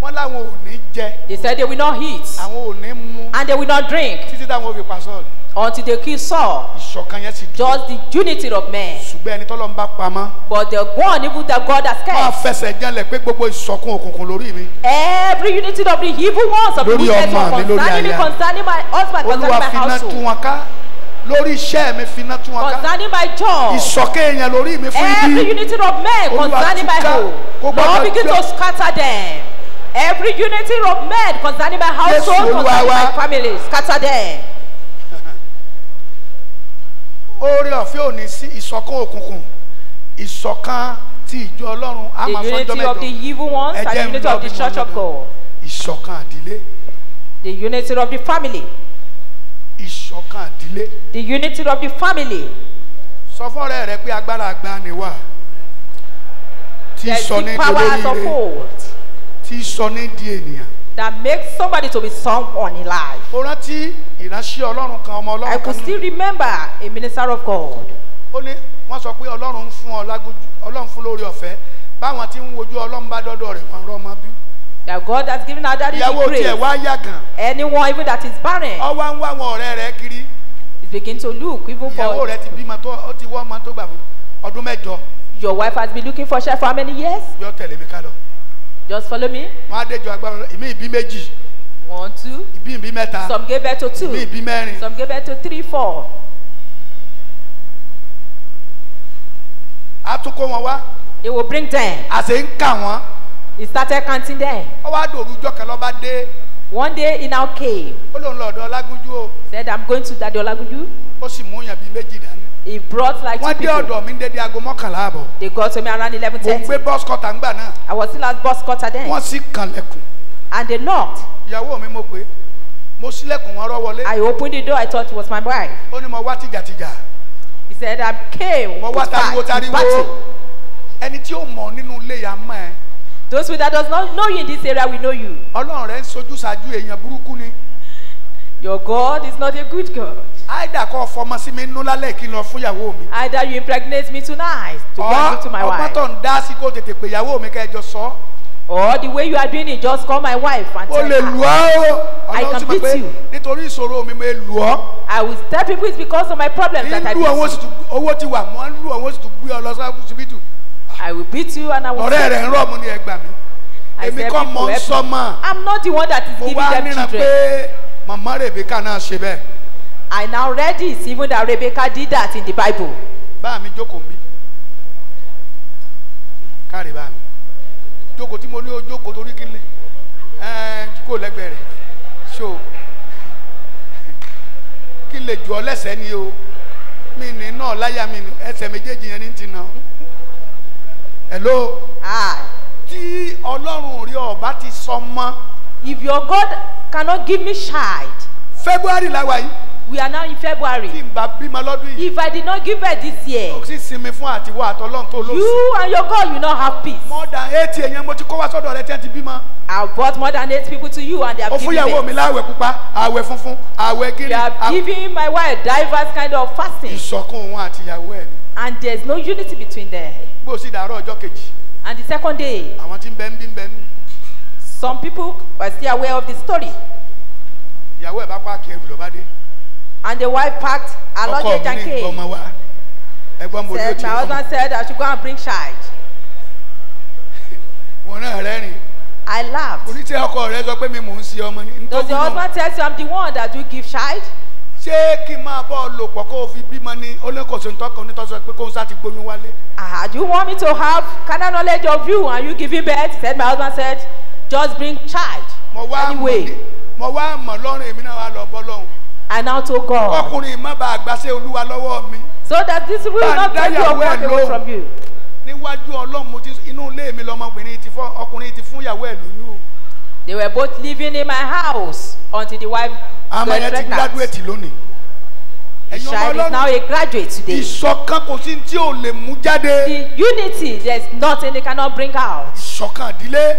A: wọ́n láwọn ò ní jẹ. they said they will not eat. àwọn ò ní mu. and they will not drink. títí táwọn ò pa sọ́ọ̀lù until they kill Saul. ìṣọ̀kan yẹn sì dé. just the unity of men. ṣùgbọ́n ẹni tọ́lọ́ ń bá pamọ́. but the one even that God has kept. máa fẹsẹ̀ jẹ́lẹ̀ pé gbogbo ìṣọ̀kan òkùnkùn lórí mi. every unity of the evil ones of the wicked one concerning me concerning my husband concerning my household. olúwa fi iná wọn ká lórí iṣẹ́ mi fi tún wọn ká. concerning my job. ìsọ̀kẹ́ èèyàn lórí mi fún ibi. every unity of men concerning my home. Lord begin to scatter them. every unity of men concerning my household concerning my family scatter them oore ọ̀fẹ́ ò ní sí ìṣọ̀kan òkùnkùn ìṣọ̀kan ti ìjọ ọlọ́run a máa fọ́jọ́ mẹ́jọ ẹ̀jẹ̀ ń lọ bí mo ìṣọ̀kan àdílé. the unity of the family. ìṣọ̀kan àdílé. the unity of the family. sọ fún ọ̀rẹ́ rẹ pé agbára àgbà ni wà tí sọ ní dolórí rẹ tí sọ ní di ènìyàn that makes somebody to be someone in life. Mo ìránṣẹ́ Ọlọ́run kan ọmọ Ọlọ́run kan. I could still remember a minister of God. Ó ní wọ́n sọ pé Ọlọ́run ń fún ọ lágójú Ọlọ́run fún lórí ọ̀fẹ́ báwọn tí ń wojú Ọlọ́run bá dọ́dọ̀ rẹ̀ wọ́n rọ́ ọmọ bí. That God has given her that the grace. Ìyàwó tiẹ̀ wá yá Anyone even that is barren. Ọwọ́ ń wá àwọn ọ̀rẹ́ rẹ̀ kiri. He begin to look even for. Ìyàwó rẹ̀ ti bímọ tó ó ti wọ́ ọmọ tó gbà ọdún mẹ́jọ. Your wife has been looking for chef for how many years? Yóò tẹ̀lé mi ká lọ. Just follow me. Wọ́n á déjọ agbára lọ, ìmí ìbí méjì. One two. Ìbí ìbí mẹ́ta. Some gave birth to two. Ìbí ìbí mẹ́rin. Some gave birth to three four. A tún kó wọn wá. He will bring them. Àṣé ń kà wọ́n. He started counting them. Ó wá dòru ọjọ́ kan lọ́ba dé. One day he now came. Ó lóun lọ ọ̀dọ̀ Ọlágúnjú o. Said I'm going to Dadi Ọlágúnjú. Ó sì mú yàn bíi méjì dá he brought like two people. wọ́n dé ọ̀dọ̀ mi dédé aago mọ́kànlá àbọ̀. they got to me around eleven thirty. mo gbé bus cutter ńgbà náà. I was still at bus cutter then. wọ́n sì kànlẹ̀kùn. and they knocked. ìyàwó mi mo pè mo sílẹ̀kùn wọn rọ́ wọlé. I opened the door I thought it was my wife. ó ní mo wá tìjàtìjà. he said I came. mo wá tariwo tariwo ẹni tí ó mọ̀ nínú ilé yà mọ́ ẹ. those who that does not know you in this area will know you. ọlọ́run rẹ̀ ń sojú ṣáájú èèyàn burúkú ni. Your God is not a good God. Either kọ́ fọmọ sí mi nú lálẹ́ kí n mi. Either you impregnate me tonight to oh, bring to my oh, wife. Ọgbọ́n tó ń dá sí kó tètè pè ìyàwó mi kẹ́jọ Or the way you are doing it, just call my wife and tell her. O lè lù I can beat you. Nítorí ìṣòro mi mo lù ọ́. I will tell people it's because of my problems that I beat you. Inú owó ti wà mọ́, inú owó ti gbé ọ lọ sí I will beat you and I will. Ọ̀rẹ́ rẹ̀ ń rọ̀ mu ní ẹgbàá mi.
B: I said people help me.
A: I'm not the one that is giving them children. Mo wá níran pé màmá Rebecca náà ṣe bẹ́ẹ̀. I now read it even that Rebecca did that in the Bible. Bá mi jókòó mi. Káre bá mi. Jókòó tí mo ní o jókòó torí kí n lè eh, kó lẹ́gbẹ̀ẹ́ rẹ̀ so kí n lè jù ọ lẹ́sẹ̀ ni o mi ní náà láyà mi ẹsẹ̀ méjèèjì yẹn ní ti nà. Hello. Hi. Tí Ọlọ́run rí ọba ti sọ mọ́ if your God cannot give me child. February la wà yìí. We are now in February. Tí n bá bímọ lọ́dún yìí. If I did not give birth this year. Kò sí sinmi fún àtiwọ́ àtọ́lọ́n tó lóṣù. You and your God will not have peace. More than eighty èèyàn mo ti kó wá sọ́dọ̀ rẹ tí wọ́n ti bímọ. I brought more than eight people to you and they have given me. Ó fún ìyàwó mi láwẹ̀ pupa, àwẹ̀ funfun, àwẹ̀ gírí. They have given my wife diverse kind of fasting. Ìṣọ̀kan òun àti ìyàwó ẹ̀ ni. And there is no unity between them. Gbòòsì dàárọ̀ ọjọ́ kejì. And the second day. Àwọn tí ń bẹ́ ń bí ń bẹ́ ń bí. Some people were still aware of the story. Ìyàwó ẹ̀ bá páàkì ẹrù lọ́ba dé. And the wife packed her luggage and came. Ọkọ mi ní gbọmọ wa. Ẹgbọ́n mo ló ti my husband said I should go and bring child. Mo náà rẹ́rìn. I laughed. Oníṣẹ́ ọkọ rẹ sọ pé mi mò ń ṣe ọmọ ní. Does your husband tell you I'm the one that do give child? ṣé kí n máa bọ́ ọ lò pọ̀ kó o fi bímọ ní kò sí ntọ́kọ̀ onítọ́sọ pé kó n sáà ti gbóyún wálé. Ah, do you want me to have carnal knowledge of you and you giving birth? said my husband said just bring charge. anyway. mo wá mọ̀ lọ́rùn èmi náà wá lọ bọ́ lọ́hùn. and now to God. ọkùnrin má bàa gbàṣẹ olúwa lọ́wọ́ mi. so that this will not take you away from you. níwájú ọlọ́run mo ti inú ilé mi lọmọbìnrin ti fọ́ ọkùnrin ti fún ìyàwó ẹ̀ they were both living in my house until the wife got pregnant. àmọ̀ ti graduate lónìí. ẹ̀yin ọmọ is now a graduate today. ìṣọ̀kan kò sí tí ò lè mú jáde. the unity there is nothing they cannot bring out. ìṣọ̀kan ìdílé.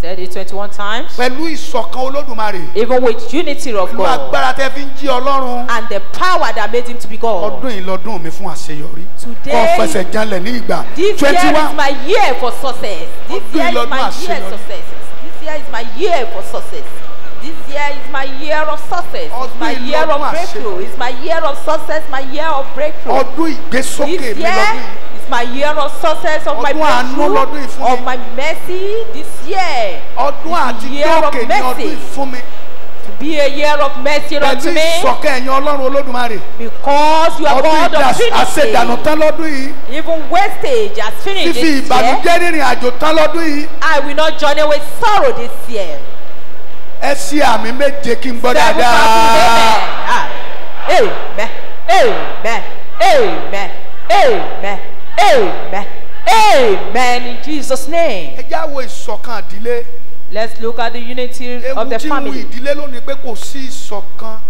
A: said it twenty one times. pẹ̀lú ìṣọ̀kan olódùmarè. even with unity of God. pẹ̀lú agbára tẹ́ fi ń jí ọlọ́run. and the power that made him to be God. ọdún yìí lọ́dún mi fún àṣeyọrí. today kọ́ fẹsẹ̀ janlẹ̀ ní ìgbà. this year is my year for success. this year is my year for success. this year is my year for success. This year is my year of success. It's my year of breakthrough. It's my year of success, my year of breakthrough. This year, mi my year of success of my breakthrough of my mercy this year. ọdún year of mercy. to be a year of mercy unto me. because you are God of finishing. ọdún àṣedànù tán lọ́dún yìí. even wastage has finished this year. fífi ìbànújẹ́ rìnrìn àjò tán lọ́dún I will not journey with sorrow this year ẹ ṣí àmì méje kí n gbọ́ dáadáa. Amen. Amen. Amen. Amen. Amen. Amen in Jesus' name. Ẹ já ìṣọ̀kan ìdílé. Let's look at the unity of the family. Ewu tí ń ìdílé lónìí pé kò sí ìṣọ̀kan.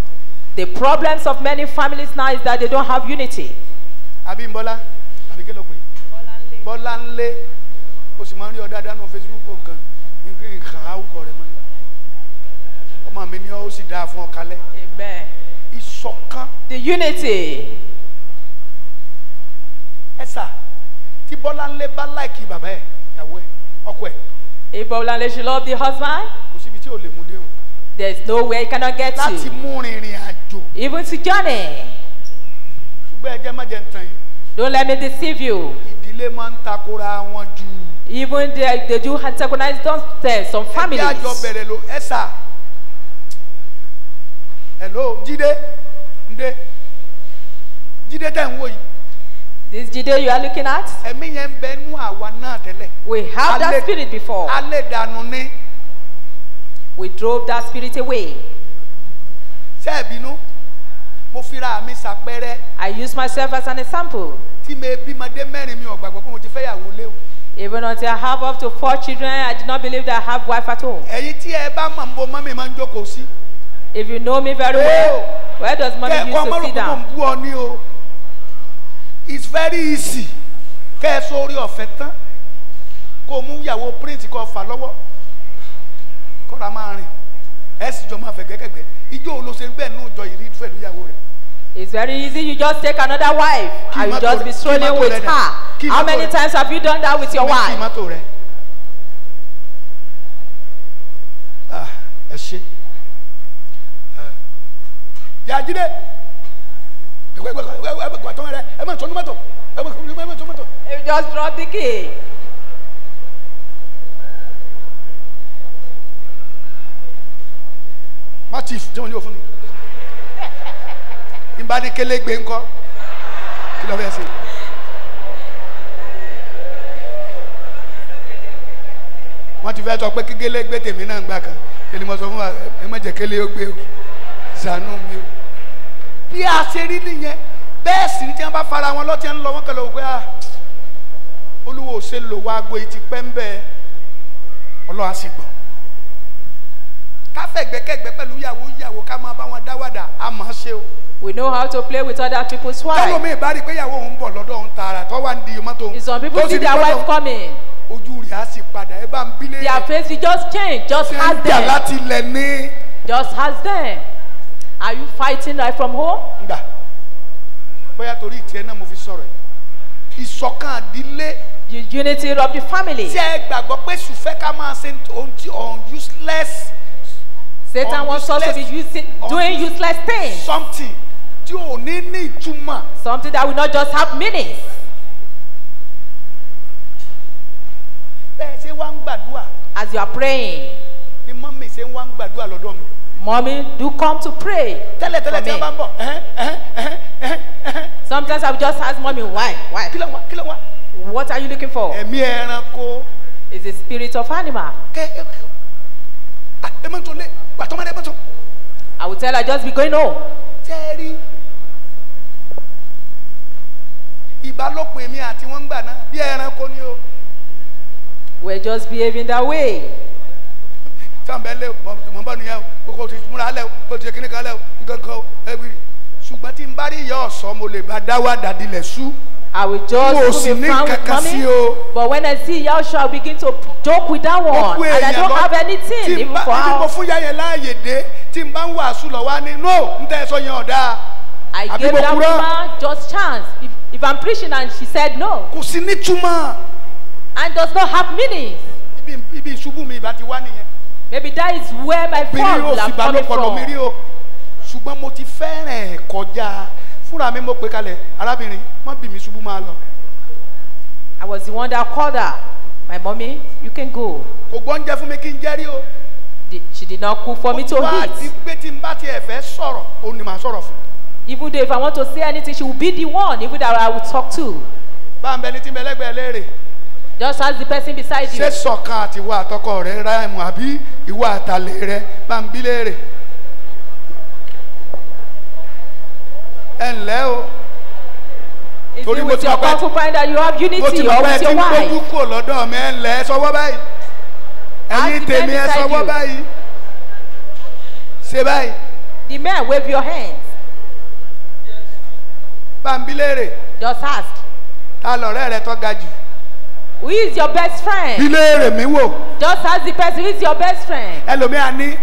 A: The problems of many families now is that they don't have unity. Abímbọ́lá àbí kí ló pè é? Bọ́láńlé. Bọ́láńlé. O sì máa ń rí ọ dáadáa nínú Facebook kan. Nǹkan àwùkọ rẹ̀ ọmọ mi ni ó sì dáa fún ọ kalẹ̀. ìṣọ̀kan. the unity. ẹ sà tí Bọ́láńlé bá láìkí bàbá ẹ̀ ìyàwó ẹ̀ ọkọ ẹ̀. if Bọ́láńlé should love the husband. kò síbi tí ò lè mú dé o. there is nowhere you cannot get to. láti mú rìnrìn àjò. even to journey. ṣùgbọ́n ẹ jẹ́ má jẹ́ ń tàn yín. don't let me deceive you. ìdílé máa ń takora wọn jù. even the the Jew had don't tell some families. ẹ jẹ́ àjọ bẹ̀rẹ̀ ló ẹ sà hello Jide. Ǹdé Jide, tẹ̀ ń wò yìí. This Jide you are looking at. Ẹ̀mí yẹn ń bẹ nú àwa náà tẹ́lẹ̀. We have that spirit before. Alẹ́ dànù ni. We drove that spirit away. Ṣé ẹ bínú? Mo fira mi ṣàpẹẹrẹ. I use myself as an example. Tí mi bímọ mẹ́rin mi ò gbàgbọ́ pé mo ti fẹ́ yàwó lé Even until I have up to four children, I did not believe that I have wife at home. Ẹ̀yin tí ẹ bá mọ̀ ń bo mọ́mí máa ń jókòó sí. If you know me very well, where does money used to sit down? It's very easy. Kẹ́ ẹ sórí ọ̀fẹ́ tán, kó mú ìyàwó print kó fà lọ́wọ́, kọ́ra máa rìn, ẹ sì jọ máa fẹ̀ gẹ́gẹ́gẹ́. Ijó olóṣèlú bẹ́ẹ̀ nù jọ ìrí pẹ̀lú ìyàwó rẹ̀. It's very easy. You just take another wife and you just be strolling with her. How many times have you done that with your wife? Ah, ẹ ṣe yàjídé gbàtọ́ rẹ ẹ má tọ́nu mọ́tò ẹ má tọ́nu mọ́tò. you just drop the key. má ti jẹ́ wọn ní òfin mi nba ni kele gbé ńkọ kí ló fẹ́ ṣe. wọ́n ti fẹ́ sọ pé kí kele gbé tèmi náà gbà kan kí ni mo sọ fún wa ẹ má jẹ́ kele ó gbé o ṣàánú mi o bí a ṣe rí nìyẹn bẹ́ẹ̀ sì ni tí wọ́n bá fara wọn lọ́tí ń lọ wọ́n kẹlẹ́ òwe à ah, olúwo ò ṣe lò wá aago etí pẹ́ńbẹ́ ọlọ́wà sì gbọ́ káfẹ̀gbẹ́kẹ̀gbẹ́ pẹ̀lú ìyàwó ìyàwó ká máa bá wọn dáwàdà á máa ṣe o. We know how to play with other people's wives. Tẹ́lọ̀ mi ìbá rí pé ìyàwó òun bọ̀ lọ́dọ̀ òun tààrà tó wà ń mọ́tò. some people see their wife coming. Ojú rẹ̀ á sì padà ẹ bá ń bílẹ̀. Their face just change just as them. Just as them. Are you fighting right from home? Ngbà bóyá torí ìtì ẹ náà mo fi sọ̀rọ̀ yìí. Ìṣọ̀kan àdílé. The unity of the family. Tí ẹ gbàgbọ́ pé sùfẹ́ ká máa ṣe ohun tí on useless.
B: Satan wants us to be using, doing useless things.
A: Something tí ò ní ní ìtumọ̀. Something that will not just have meaning. Bẹ́ẹ̀ ṣe wá ń gbàdúrà. As you are praying. Ni mọ́mí ṣe ń wá ń gbàdúrà lọ́dọ̀ mi. Mommy, do come to pray. Tell her, tell her, tell her. Sometimes I just ask mommy, why? Why? Kí ló wá, kí ló wá. What are you looking for? Ẹ̀mí ẹranko. It's the spirit of animal. I will tell her just be going home. Tẹ́rí. We're just behaving that way múra lẹ o kó ti ṣe kíní kan o nǹkan kan o ẹgbẹ́ ṣùgbọ́n tí n bá rí ìyá ọ̀sán mo lè bá dáwà dàdílẹ̀ sú. I will just move in front with mommy, but when I see Yao Sha, I begin to joke with that
B: one, and I don't have anything even for her. Tí mo
A: fún yáyẹ láàyè dé, tí n bá ń wàásù lọ wá ní, no, n tẹ́ sọ yẹn ọ̀dà. I gave that woman just chance. If, if I'm preaching and she said no. Kò sí nítumọ̀. And does not have meaning. Ibi ìṣubú mi ìbá ti wá nìyẹn maybe that is where my problem am coming from. ṣùgbọ́n mo ti fẹ́ràn ẹ̀ kọjá fúnra mi mo pè kalẹ̀ arábìnrin má bì mí ṣubú máa lọ. I was the one that called her my mommy you can go. kò gbọ́n jẹ fún mi kí n jẹ́ rí o. she did not cook for me to eat. ó wá di pé tí n bá tiẹ̀ fẹ́ sọ̀rọ̀ òun ni màá sọ̀rọ̀ fún. even though if I want to say anything she will be the one even though I will talk to. bá a ń bẹ ní tí n bẹ lẹ́gbẹ̀ẹ́ léèrè just ask the person beside you. ṣé sọ̀kan àti ìwà àtọkọ rẹ ra ẹ̀mú àbí ìwà àtàlẹ̀ rẹ bá ń bí léèrè. ẹ ǹlẹ́ o. is it with your concubine you have unity or your wife. mo ti lọ bá tí ń gbógun kò lọ́dọ̀ mi ẹ ǹlẹ́ ẹ sọwọ́ báyìí. ẹ̀yin tèmi ẹ sọwọ́ báyìí. ṣe báyìí. the man wave your hands. bá ń bí léèrè. just ask. ta lọ̀rẹ́ rẹ tó ga jù. Who is your best friend? Bílé mi wò. Just ask the person who is your best friend. Ẹlòmíà ní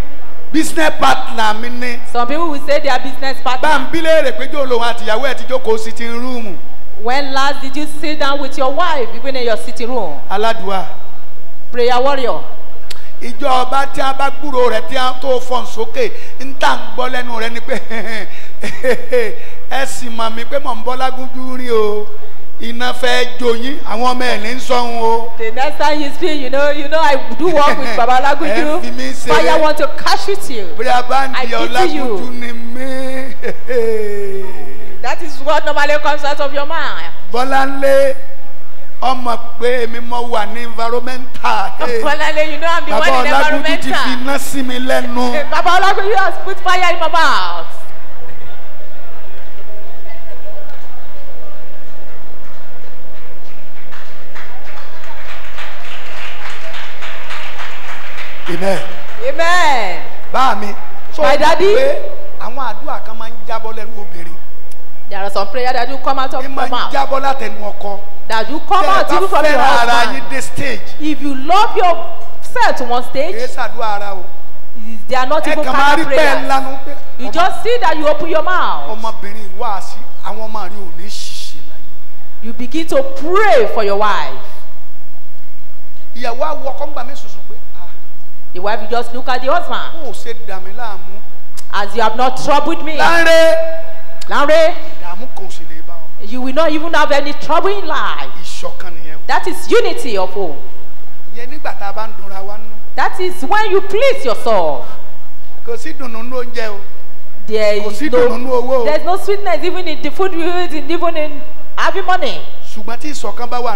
A: business partner mi ni. Some people will say they are business partner. Bá ń bílé rè pé jòlóhùn àtìyàwó ẹ̀ ti jókòó sitting room. When last did you sit down with your wife even in your sitting room? Aládùúwà. Prayer warrior. Ìjọ ọba tí a bá gbúrò rẹ̀ tí a tó fọ̀n sókè ń tà ń gbọ́ lẹ́nu rẹ̀ ni pé ẹ sì mọ̀ mí pé mò ń bọ́ lágúnjú rí o iná fẹ́ jó yín àwọn ọmọ ẹ̀ ní sọ́hun o. the next time you speak you know you know I do work with Baba Lagunju fire want to catch you till I pity you. that is what normally comes out of your mind. Bọ́láńlé ọmọ pé èmi mọ wà ní environmental. Bọ́láńlé you know I'm the one in environmental. Baba Olagunju ti fi iná sí mi lẹ́nu. Baba Olagunju has put fire in my mouth. amen. amen. bá
B: So my daddy. pé
A: àwọn àdúrà kan máa ń jábọ́ lẹ́nu obìnrin. there are some prayer that you come out of your mouth. ẹ máa ń jábọ́ látẹnu ọkọ. that you come out even from your husband. tẹ́ ẹ bá fẹ́ràn ara yín dé stage. if you love yourself to one stage. kì í ara o they are not even kind of prayers. you just see that you open your mouth. ọmọbìnrin wáàsí àwọn ọmọ rẹ ò ní ṣiṣẹ́ láyé. you begin to pray for your wife. ìyàwó àwọ ọkọ ń gbà mí sùsù The wife will just look at the husband. Ó ṣe dà As you have not troubled me. Lánrẹ́. Lánrẹ́. Ìdààmú kan You will not even have any trouble in life. Ìṣọ̀kan nìyẹn That is unity of home. Ìyẹn nígbà tá a That is when you please yourself. Kò sí dùnnú ní oúnjẹ o. There is no There's no sweetness even in the food we eat even in having money. Ṣùgbọ́n tí ìṣọ̀kan bá wà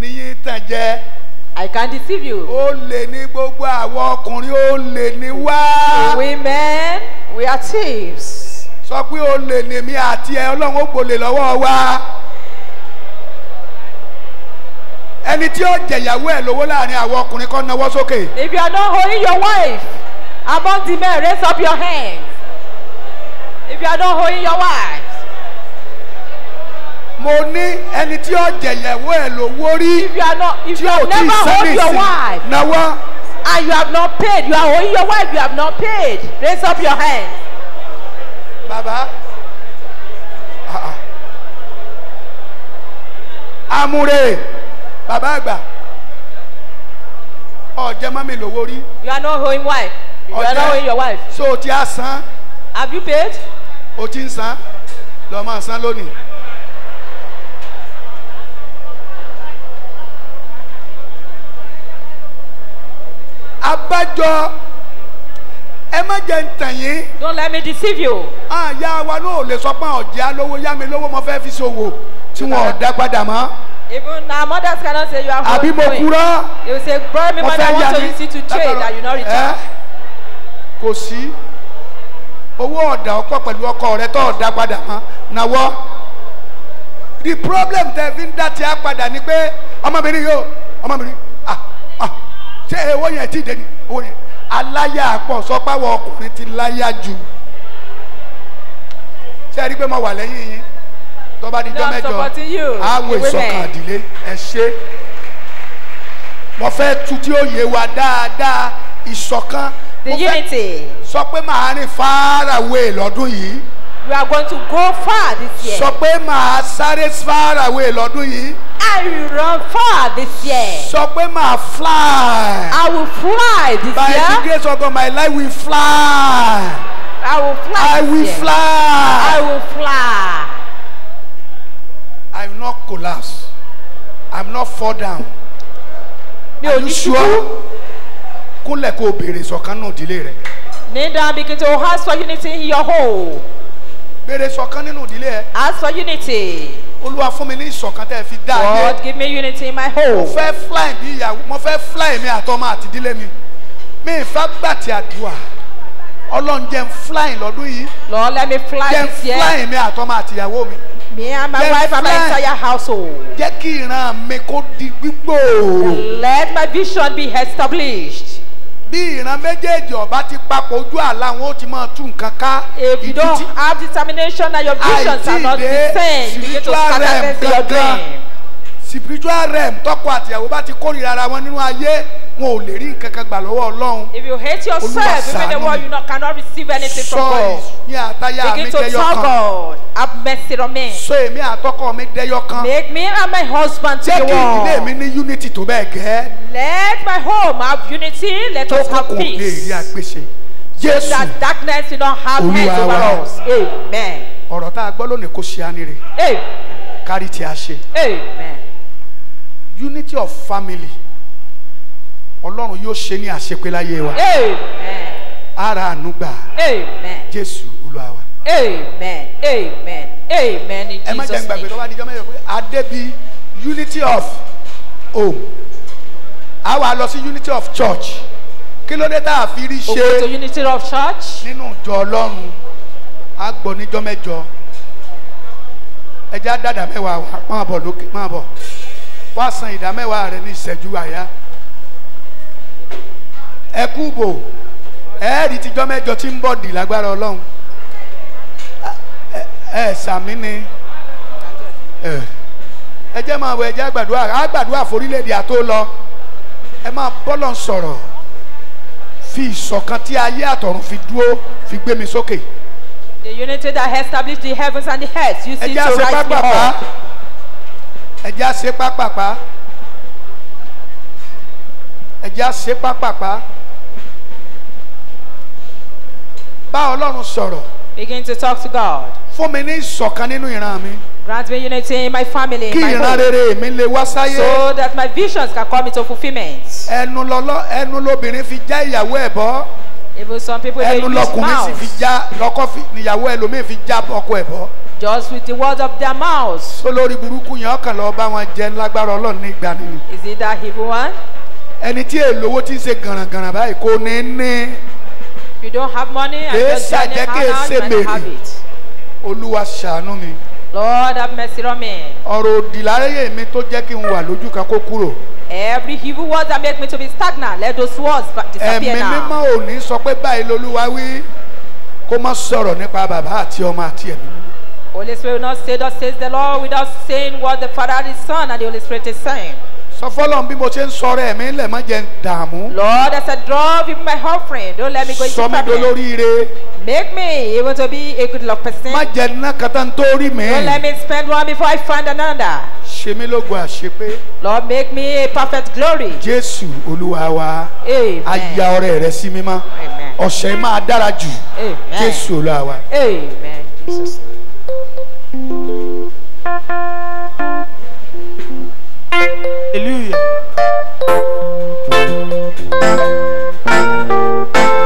A: ní yín tàn jẹ. I can deceive you. Ó lè ní gbogbo àwọn ọkùnrin ó lè ní wá. Women, we are thieves. Sọ pé ó lè ní mi àti ẹ Ọlọ́run ó gbolè lọ́wọ́ wa. Ẹni tí ó jẹ̀yàwó ẹ̀ lówó láàrin àwọn ọkùnrin kan náwó sókè. If you are not holding your wife among the men, raise up your hand. If you are not holding your wife mo ní ẹni tí ó jẹ̀yẹ̀wó ẹ̀ lówó rí tí ó ti sẹ́nìsì náwó. and you have not paid you are owing your wife you have not paid raise up your hand. Baba. Ah, ah. amúre bàbá àgbà ọ̀jẹ̀ mọ́mi lówó rí. you are not owing wife you are not owing your wife. so o ti a san. have you paid. o ti ń san lọ́ọ́ máa san lónìí. àbájọ ẹ má jẹ́ n don't let me deceive you. àyà wa náà le lè sọ pé ọ̀jẹ̀ alówó yá mi lówó mo fẹ́ fi ṣòwò tí wọn ò dá padà mọ́. even na mothers cannot say you are home. àbí mo kúrọ́. you say borrow me money I want to use it to trade that you no return. kò sí owó ọ̀dà ọkọ pẹ̀lú ọkọ rẹ tó ọ̀dà padà mọ́ náwó the problem tẹ̀ fi ń dá tí a padà ni pé ọmọbìnrin yóò ọmọbìnrin ṣé owó yẹn ti dé ni owó yẹn aláyà ọkùnrin ti láyà jù ṣé ẹ rí pé mo wà lẹ́yìn yín tó bá di jọ́ mẹ́jọ àdìlé ẹ ṣe mo fẹ́ tu tí wa dáadáa ìṣọ̀kan mo fẹ́ sọ pé màá rìn far away yìí. We are going to go far this year. Sọ pé màá sáré far away lọ́dún yìí. I will run far this year. Sọ pé màá fly. I will fly this By year. By the grace of God, my life will fly. I will fly. I will fly. I will fly. I will not collapse. I will not fall down. Mi ò ní ṣubú. Kúnlẹ̀ kó o béèrè ìṣọ̀kan náà ìdílé rẹ̀. Kneel down begin to ask unity in your home béèrè ṣọ̀kan nínú ìdílé ẹ. ask for unity. olúwa fún mi ní ìṣọ̀kan tẹ́ fi dá ayé. God give me unity in my home. mo fẹ́ fly bí ìyàwó mo fẹ́ fly mi àtọmọ àti ìdílé mi mi ìfẹ́ gbàtì àdúrà ọlọ́run jẹ́ n fly lọ́dún yìí. Lord let me fly this year. jẹ́ n fly mi àtọmọ àti ìyàwó mi. Me and my Then wife and my entire household. Jẹ́ kí ìran mi kó di gbígbòòrò. Let my vision be established bí ìran méjèèjì ọba ti papọ̀ ojú àlá wọn ó ti máa tú nǹkan ká. if you don't have determination and your visions are not the same you get to scatter them spiritual realm tọkọ àtìyàwó bá ti kórìíra ara wọn nínú ayé wọn ò lè rí nǹkan kan gbà lọ́wọ́ Ọlọ́run. if you hate yourself you make the world you cannot receive anything from God. sọ ní àtayá mi dẹyọ kan. begin to tell God have mercy me. so èmi àtọkọ mi dẹyọ kan. make me and my husband to the world. kí ìdílé mi ní unity tó bẹ́ẹ̀ gẹ́. let my home have unity let us have peace. kò lè rí àgbèsè. Jésù so that darkness will not have head over us. amen. ọ̀rọ̀ tá a gbọ́ lónìí kò ṣe á kárí tí a ṣe. amen unity of family ọlọ́run yóò ṣe ní àṣepé láyé wa ara àánú gbà jésù olúwa wa. amen amen amen in jesus name. ẹ má jẹ́ gbàgbé tó bá di jọ́mọ́ yẹn pé adébí unity of home a wà lọ sí unity of church kí ló dé tá a fi rí ṣe òkè tó unity of church nínú ìjọ ọlọ́run a gbọ́ níjọ́ mẹ́jọ ẹ jẹ́ àdàdà mẹ́wàá wa máa bọ̀ lókè máa bọ̀ wá san ìdámẹ́wàá rẹ ní ìṣẹ́jú àyà ẹ kú bò ẹ̀ẹ́dì tíjọ́ mẹ́jọ tí ń bọ̀ dì lágbára ọlọ́run ẹ sàmì ni ẹ jẹ́ máa wọ ẹ jẹ́ àgbàdo àgbàdo àforílẹ̀ àtó lọ ẹ máa bọ́lọ̀ sọ̀rọ̀ fi ìṣọ̀kan tí ayé àtọ̀run fi dúró fi gbé mi sókè. the unity that established the heavens and the earth you see to rise me up ẹja ṣe pápápá ẹja ṣe pápápá bá ọlọ́run sọ̀rọ̀. begin to talk to God. fún mi ní ìṣọ̀kan nínú ìran mi. grant me unity in my family kí ìran rere mi lè wá sáyé. so that my visions can come into fulfilment. ẹnu lọlọ ẹnu lobìnrin fi já ìyàwó ẹ̀ bọ́. even some people dey use mouth. ẹnu lọkùnrin sì fi já lọkọ níyàwó ẹlòmíì fi já ọkọ ẹ̀ bọ́ just with the words of their mouths. olórí burúkú yẹn ọkàn lọ bá wọn jẹ lágbára Ọlọ́run ní ìgbà nínú. is it that evil one. ẹni tí èlówó ti ń ṣe gàràngàrà báyìí kò ní ní. if you don't have money and just journey around and have it. olúwa ṣàánú mi. Lord have mercy on me. ọ̀rọ̀ òdì láyé mi tó jẹ́ kí n wà lójú kan kó kúrò. Every evil word that make me to be stagnant, let those words disappear now. Ẹ̀mí mímọ́ ò ní sọ pé báyìí lolúwa wí kó má sọ̀rọ̀ nípa bàbá àti ọmọ àti ẹ̀mí. Holy Spirit will not say, that says the Lord, without saying what the Father, is Son, and the Holy Spirit is saying. sọ fọlọ́n bí mo ṣe ń sọ̀rọ̀ ẹ̀mí ńlẹ̀ má jẹ́ dààmú. Lord, as I draw people my offering, don't let me go into problem. sọ mi Make me able to be a good love person. má jẹ́ ná kata mi. Don't let me spend one before I find another. ṣe mí lógun àṣepé. Lord, make me a perfect glory. Jésù Olúwa wa. Amen. a ya ọrẹ rẹ sí mímọ́.
B: Amen. ọ̀sẹ̀ máa dára jù. Amen. Jésù Olúwa wa. Amen. Jesus. lui...